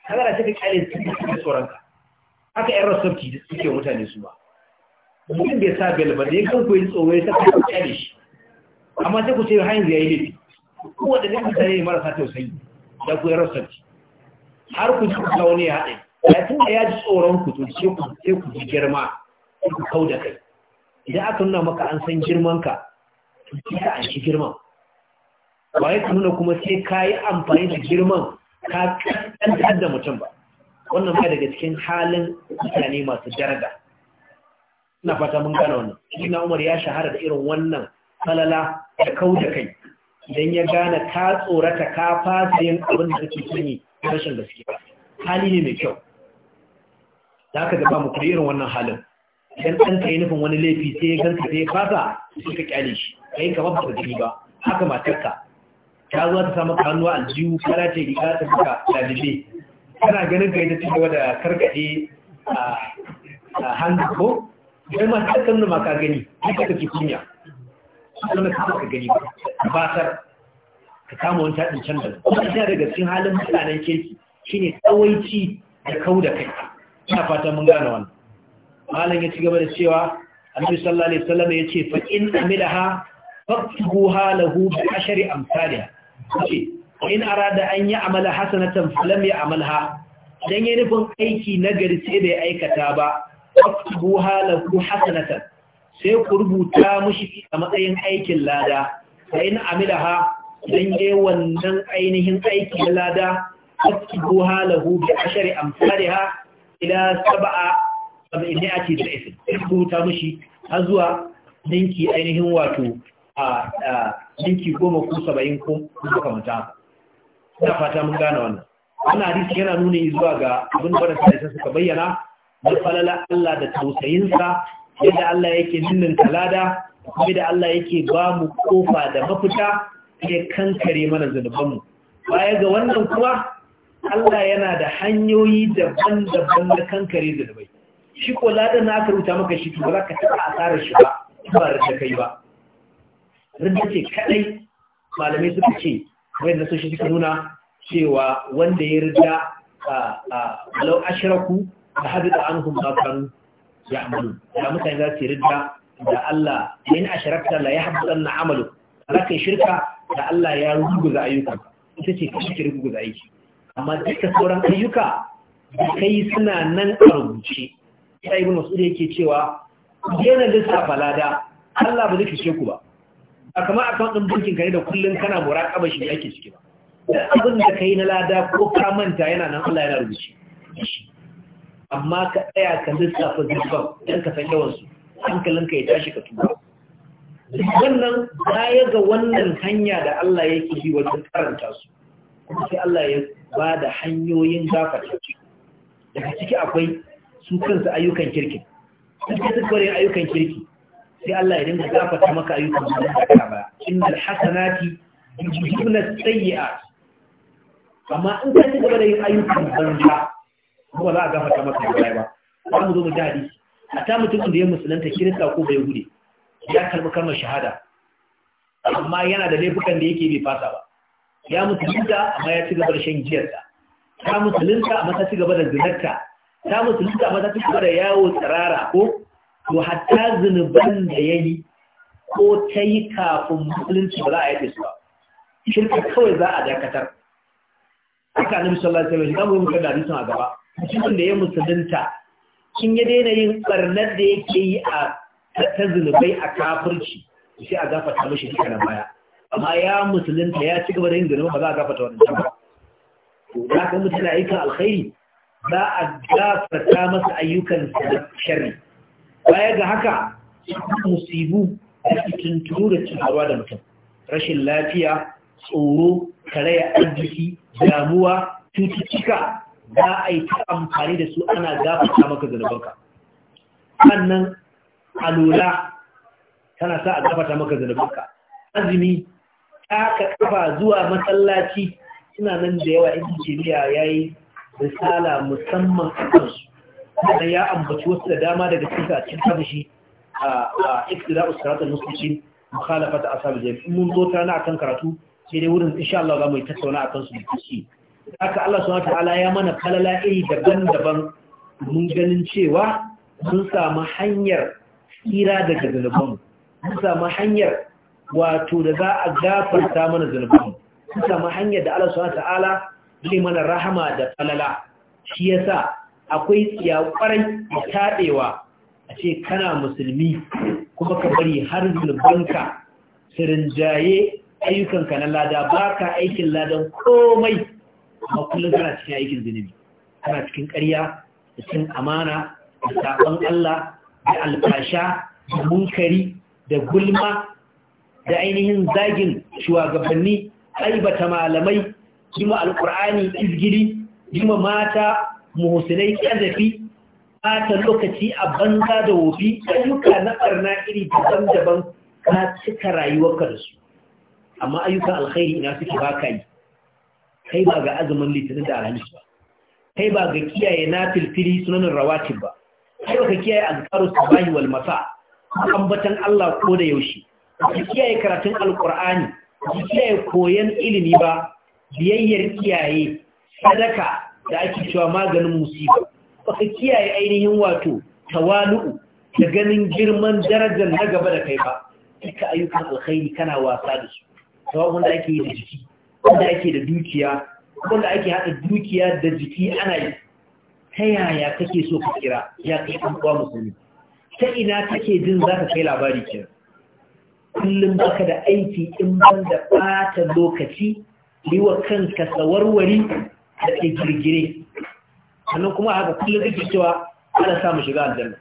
kaga da cikin kyale su ne tsoron ka haka yan rasafci da suke mutane su ba mutum bai sa bel ba da kan koyi tsoro ya sa kyale shi amma sai ku ce hayan yi laifi kowace ne mutane ne marasa tausayi da ku yarar sarki har ku ji kusa wani ya haɗe ya tun da ya ji tsoron ku to ce ku sai ku ji girma sai ku kau da kai idan aka nuna maka an san girman ka to ka an shi girman ba ya nuna kuma sai ka yi amfani da girman ka kankantar da mutum ba wannan ba daga cikin halin mutane masu daraja ina fata mun gana wannan ina umar ya shahara da irin wannan falala da kau da kai idan ya gane ta tsorata ka fasa yin abin da kake sani rashin gaske hali ne mai kyau za ka gaba mu kuri irin wannan halin idan ɗan ka yi nufin wani laifi sai ya ganka sai ya fasa sai ka kyale shi ka yi kamar ba jini ba haka matarka ta zuwa ta samu kanuwa aljihu kana ce riga ta buka dalibe kana ganin ka yi ta da karkaɗe a hannu ko idan masu tattauna ma ka gani duka kake kunya wanda ka ka gani ba ka basar ka kama wani taɗin can da wani yana daga cikin halin mutanen kirki shine tsawaici da kau da kai ina fata mun gane wannan malam ya ci gaba da cewa annabi sallallahu alaihi wasallam ya ce fa in amilaha faktuha lahu bi ashri amsalha ce in arada an ya amala hasanatan falam ya amalha dan yayin nufin aiki nagari sai bai aikata ba faktuha lahu hasanatan sai ku rubuta mushi a matsayin aikin lada fa in ha dan yayi wannan ainihin aikin lada asbu halahu bi ashari amsalha ila sab'a sab'ati da'if rubuta mushi har zuwa ninki ainihin wato a ninki goma ko saba'in ko kamata na fata mun gane wannan wannan hadisi yana nuna zuwa ga abin da suka bayyana na falala Allah da tausayinsa yadda Allah yake ninnin kalada da Allah yake ba mu kofa da mafita ya kankare mana zunubanmu baya ga wannan kuma Allah yana da hanyoyi daban-daban na kankare zunubai shi ko ladan na aka ruta maka shi ba ka taɓa asarar shi ba ba da kai ba rinda ce kadai malamai suka ce na so shi suka nuna cewa wanda ya rida a walau ashiraku da hadu da an hun Ya amalu da mutane za su yi ridda da Allah in haɗu la na amalu za ka yi shirka da Allah ya ruguza ayyuka ita ce ka shirka ruguza aiki amma duka sauran ayyuka da kai suna nan a rubuce sai wasu da yake cewa yana lissafa lada Allah ba zai fice ku ba a kama akan ɗin birkin kare da kullum kana muraƙaba shi da ake ciki ba da abin da yi na lada ko ka manta yana nan Allah yana rubuce amma ka tsaya ka lissafa zirfan don ka san yawansu hankalinka ya tashi ka tuba wannan baya ga wannan hanya da Allah yake yi wajen karanta su kuma sai Allah ya ba da hanyoyin gafarta daga ciki akwai su kansu ayyukan kirki duk da yin ayyukan kirki sai Allah ya dinga gafarta maka ayyukan da ka ba innal hasanati tsayi a. amma in ka ci gaba da yin ayyukan banza kuma za a gama ta masa da ba ba mu zo mu ji hadisi ta mutum da ya musulunta kirista ko bai gude. ya karbi kalmar shahada amma yana da laifukan da yake bai fasa ba ya musulunta amma ya ci gaba da shan giyarsa ta musulunta amma ta ci gaba da zinarta ta musulunta amma ta ci gaba da yawo tsirara ko to hatta zunuban da ya yi ko ta yi kafin musulunci ba za a yi su ba shirka kawai za a dakatar haka annabi sallallahu alaihi wasallam ya mu muka da hadisin a gaba mutumin da ya musulunta kin ya daina yin barnar da yake yi a ta zunubai a kafirci sai a gafata mashi duka na baya amma ya musulunta ya ci gaba da yin zunubai ba za a gafata wannan ba to za ka mutuna aikin alkhairi za a gafata masa ayyukan sharri baya ga haka musibu cikin fitintunu da cin da mutum rashin lafiya tsoro karaya arziki damuwa cututtuka za a yi ta amfani da su ana gafata maka zanubanka sannan alula tana sa a gafata maka zanubanka azumi ka kafa zuwa matsalaci, suna nan da yawa miya ya yi risala musamman a kansu sannan ya ambaci wasu da dama daga cikin a cikin shi a ikirar uskaratar musulci mukhalafata asabi jami'in mun zo ta na akan karatu sai dai wurin insha Allah za mu yi tattauna a kansu da haka Allah suna ta'ala ya mana falala iri daban-daban mun ganin cewa sun samu hanyar tsira daga zanubanmu Sun samu hanyar wato da za a gafarta mana zanubanmu Sun samu hanyar da Allah subhanahu ta'ala zai mana rahama da falala shi yasa akwai tsiya da taɗewa. a ce kana musulmi kuma ka bari har zunubanka jaye ayyukanka na lada baka aikin ladan komai amma kullum kana cikin aikin zunubi kana cikin ƙarya da cin amana da saɓon Allah da alfasha da munkari da gulma da ainihin zagin shugabanni aibata malamai jima alƙur'ani izgiri jima mata muhusinai ƙazafi mata lokaci a banza da wofi ayyuka na ɓarna iri daban-daban ka cika rayuwarka da su amma ayyukan alkhairi ina suke baka yi kai ba ga azumin litinin da alhamis ba kai ba ga kiyaye na filfili sunanin rawatib ba kai ba ka kiyaye azkarus sabahi wal masa ambatan Allah ko da yaushe ka kiyaye karatun alqur'ani ka kiyaye koyan ilimi ba biyayyar kiyaye sadaka da ake cewa maganin musiba ba ka kiyaye ainihin wato tawalu'u da ganin girman darajar na gaba da kai ba duka ayyukan alkhairi kana wasa da su tawabun da ake yi da jiki wanda ake da dukiya wanda ake haɗa dukiya da jiki ana yi ta yaya kake so ka kira ya kai ɗan musulmi ta ina kake jin za ka kai labari kira kullum ka da aiki in ban da ɓata lokaci yi wa kanka tsawarwari da ke girgire sannan kuma haka kullum kake cewa ana samun shiga aljanna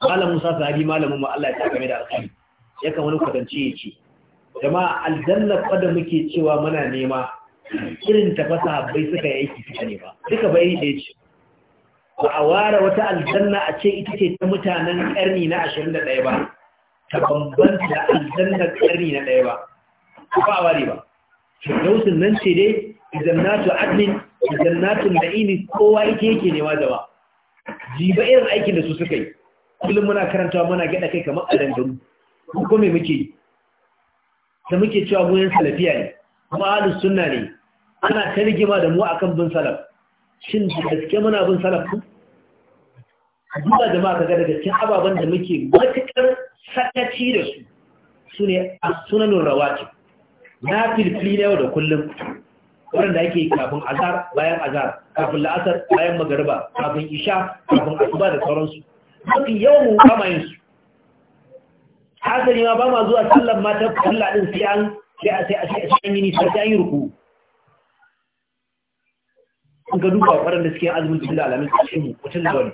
malam musa sahabi malamin mu Allah ya ta game da alƙali yakan wani kwatance ya ce jama'a aljanna fa da muke cewa muna nema irin ta bai sahabbai suka yi aiki ne nema duka bai ɗaya ce ba a ware wata aljanna a ce ita ce ta mutanen karni na 21 ba ta bambanta da aljannar karni na 1 ba ba a ware ba firdausin nan ce dai jannatu adnin jannatu na'imi kowa ita yake nema ji ba irin aikin da su suka yi kullum muna karantawa muna gada kai kamar a dangaru ko me muke yi da muke cewa mu salafiya ne kuma ahlus sunna ne ana ta rigima da mu akan bin salaf shin da gaske muna bin salaf ku duba ka ga daga cikin ababen da muke matukar sakaci da su sune as-sunanur rawatib na filfili na yau da kullum waɗanda ake kafin azar bayan azar kafin la'asar bayan magariba kafin isha kafin asuba da sauransu mafi yawan mu kama yin hasali ma ba ma zuwa sallan mata ta sallah din sai an sai an yi ni sai an yi ruku an ga duka waɗanda suke yin azumin cikin da alamin cikin mutum nawa ne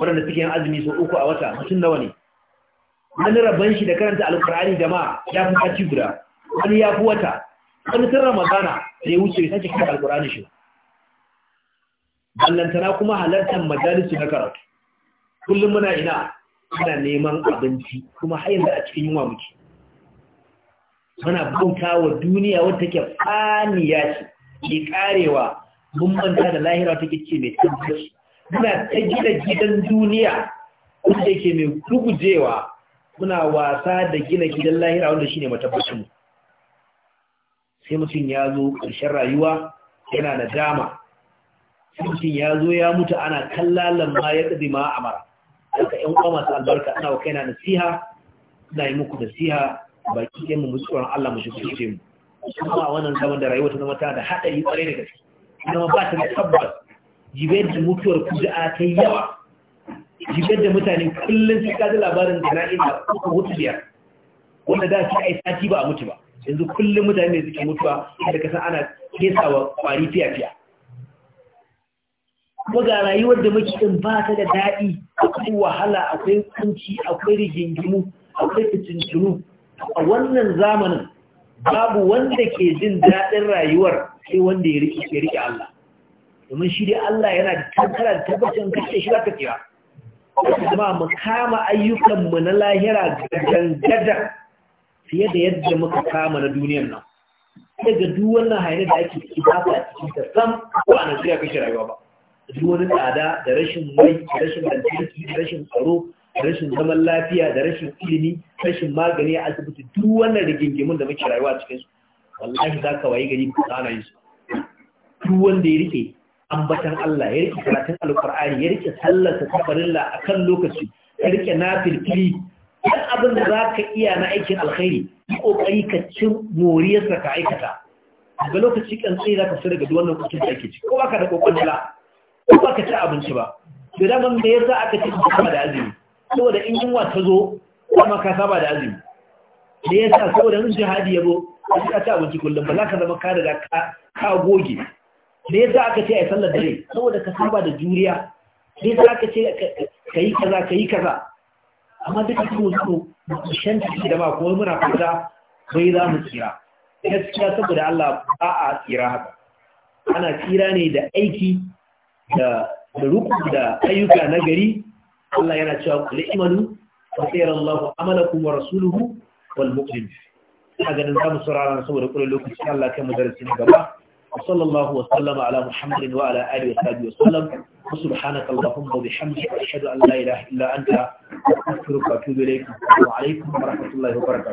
waɗanda suke yin azumi sau uku a wata mutum nawa ne wani rabban shi da karanta da ma ya fi kaci guda wani ya fi wata wani sun ramadana da ya wuce ya sake karanta Alƙur'ani shi ballantana kuma halartar majalisu na karatu kullum muna ina muna neman abinci kuma har yanzu a cikin yunwa muke muna bauta wa duniya wadda take faniya ce ke karewa mun manta da lahira take ce mai tabbaci muna ta gina gidan duniya wanda yake mai gugujewa muna wasa da gina gidan lahira wanda shine matabbacin sai mutum ya zo ƙarshen rayuwa yana nadama. dama sai mutum ya zo ya mutu ana kallalan ma ya tsadi ma amara daga ƴan uwa masu albarka ina wa na nasiha ina yi muku nasiha baki ɗayan mu mutuwar Allah mu shugabce mu kuma a wannan zaman da rayuwa ta zama ta da haɗari ƙwarai da gaske kuma ba ta da tabbas jibe da mutuwar ku kuja'a ta yawa jibe da mutane kullum sai ka ji labarin jana'iza uku hutu biyar wanda da su ai sati ba a mutu ba yanzu kullum mutane ne suke mutuwa da kasan ana wa kwari fiya fiya kuma ga rayuwar da muke in ba ta da daɗi akwai wahala akwai kunci akwai rigingimu akwai fitintunu a wannan zamanin babu wanda ke jin daɗin rayuwar sai wanda ya rike Allah domin shi dai Allah yana da tantara da tabbacin kashe shi zaka tsira kuma mu kama ayyukan mu na lahira da gangada fiye da yadda muka kama na duniyar nan daga duk wannan hayar da ake ciki ba ta cikin sam ko a Najeriya kashe rayuwa ba duk wani tsada da rashin mai da rashin lantarki da rashin tsaro da rashin zaman lafiya da rashin ilimi rashin magani a asibiti duk wannan rigingimin da muke rayuwa cikin su wallahi za ka wayi gari ku tsana yin su duk wanda ya rike ambatan Allah ya rike karatun alkur'ani ya rike sallarsa ta a akan lokaci ya rike nafilfili duk abin da za ka iya na aikin alkhairi ki kokari ka cin moriyarsa ka aikata daga lokaci kan tsaye za ka sai daga duk wannan kucin da ake ciki ko baka da kokon ko ba ka ci abinci ba to da ban da yasa aka ci sama da azumi saboda in yunwa ta zo kuma ka saba da azumi da yasa saboda in jihadi ya zo ka ci abinci kullum ba za ka zama ka riga ka goge da yasa aka ce a sallar dare saboda ka saba da juriya da yasa aka ce ka yi kaza ka yi kaza amma duka su su shan ciki da ba kuma muna fata bai za mu tsira gaskiya saboda Allah ba a tsira haka ana tsira ne da aiki da ruku da ayyuka na gari Allah yana cewa kulli imanu wa sayyara Allahu amalakum wa rasuluhu wal mu'min ina ganin zamu saurara saboda kullu lokaci Allah kai mu darasi na gaba وصلى الله وسلم على wa وعلى آله وصحبه وسلم وسبحانك اللهم وبحمدك أشهد أن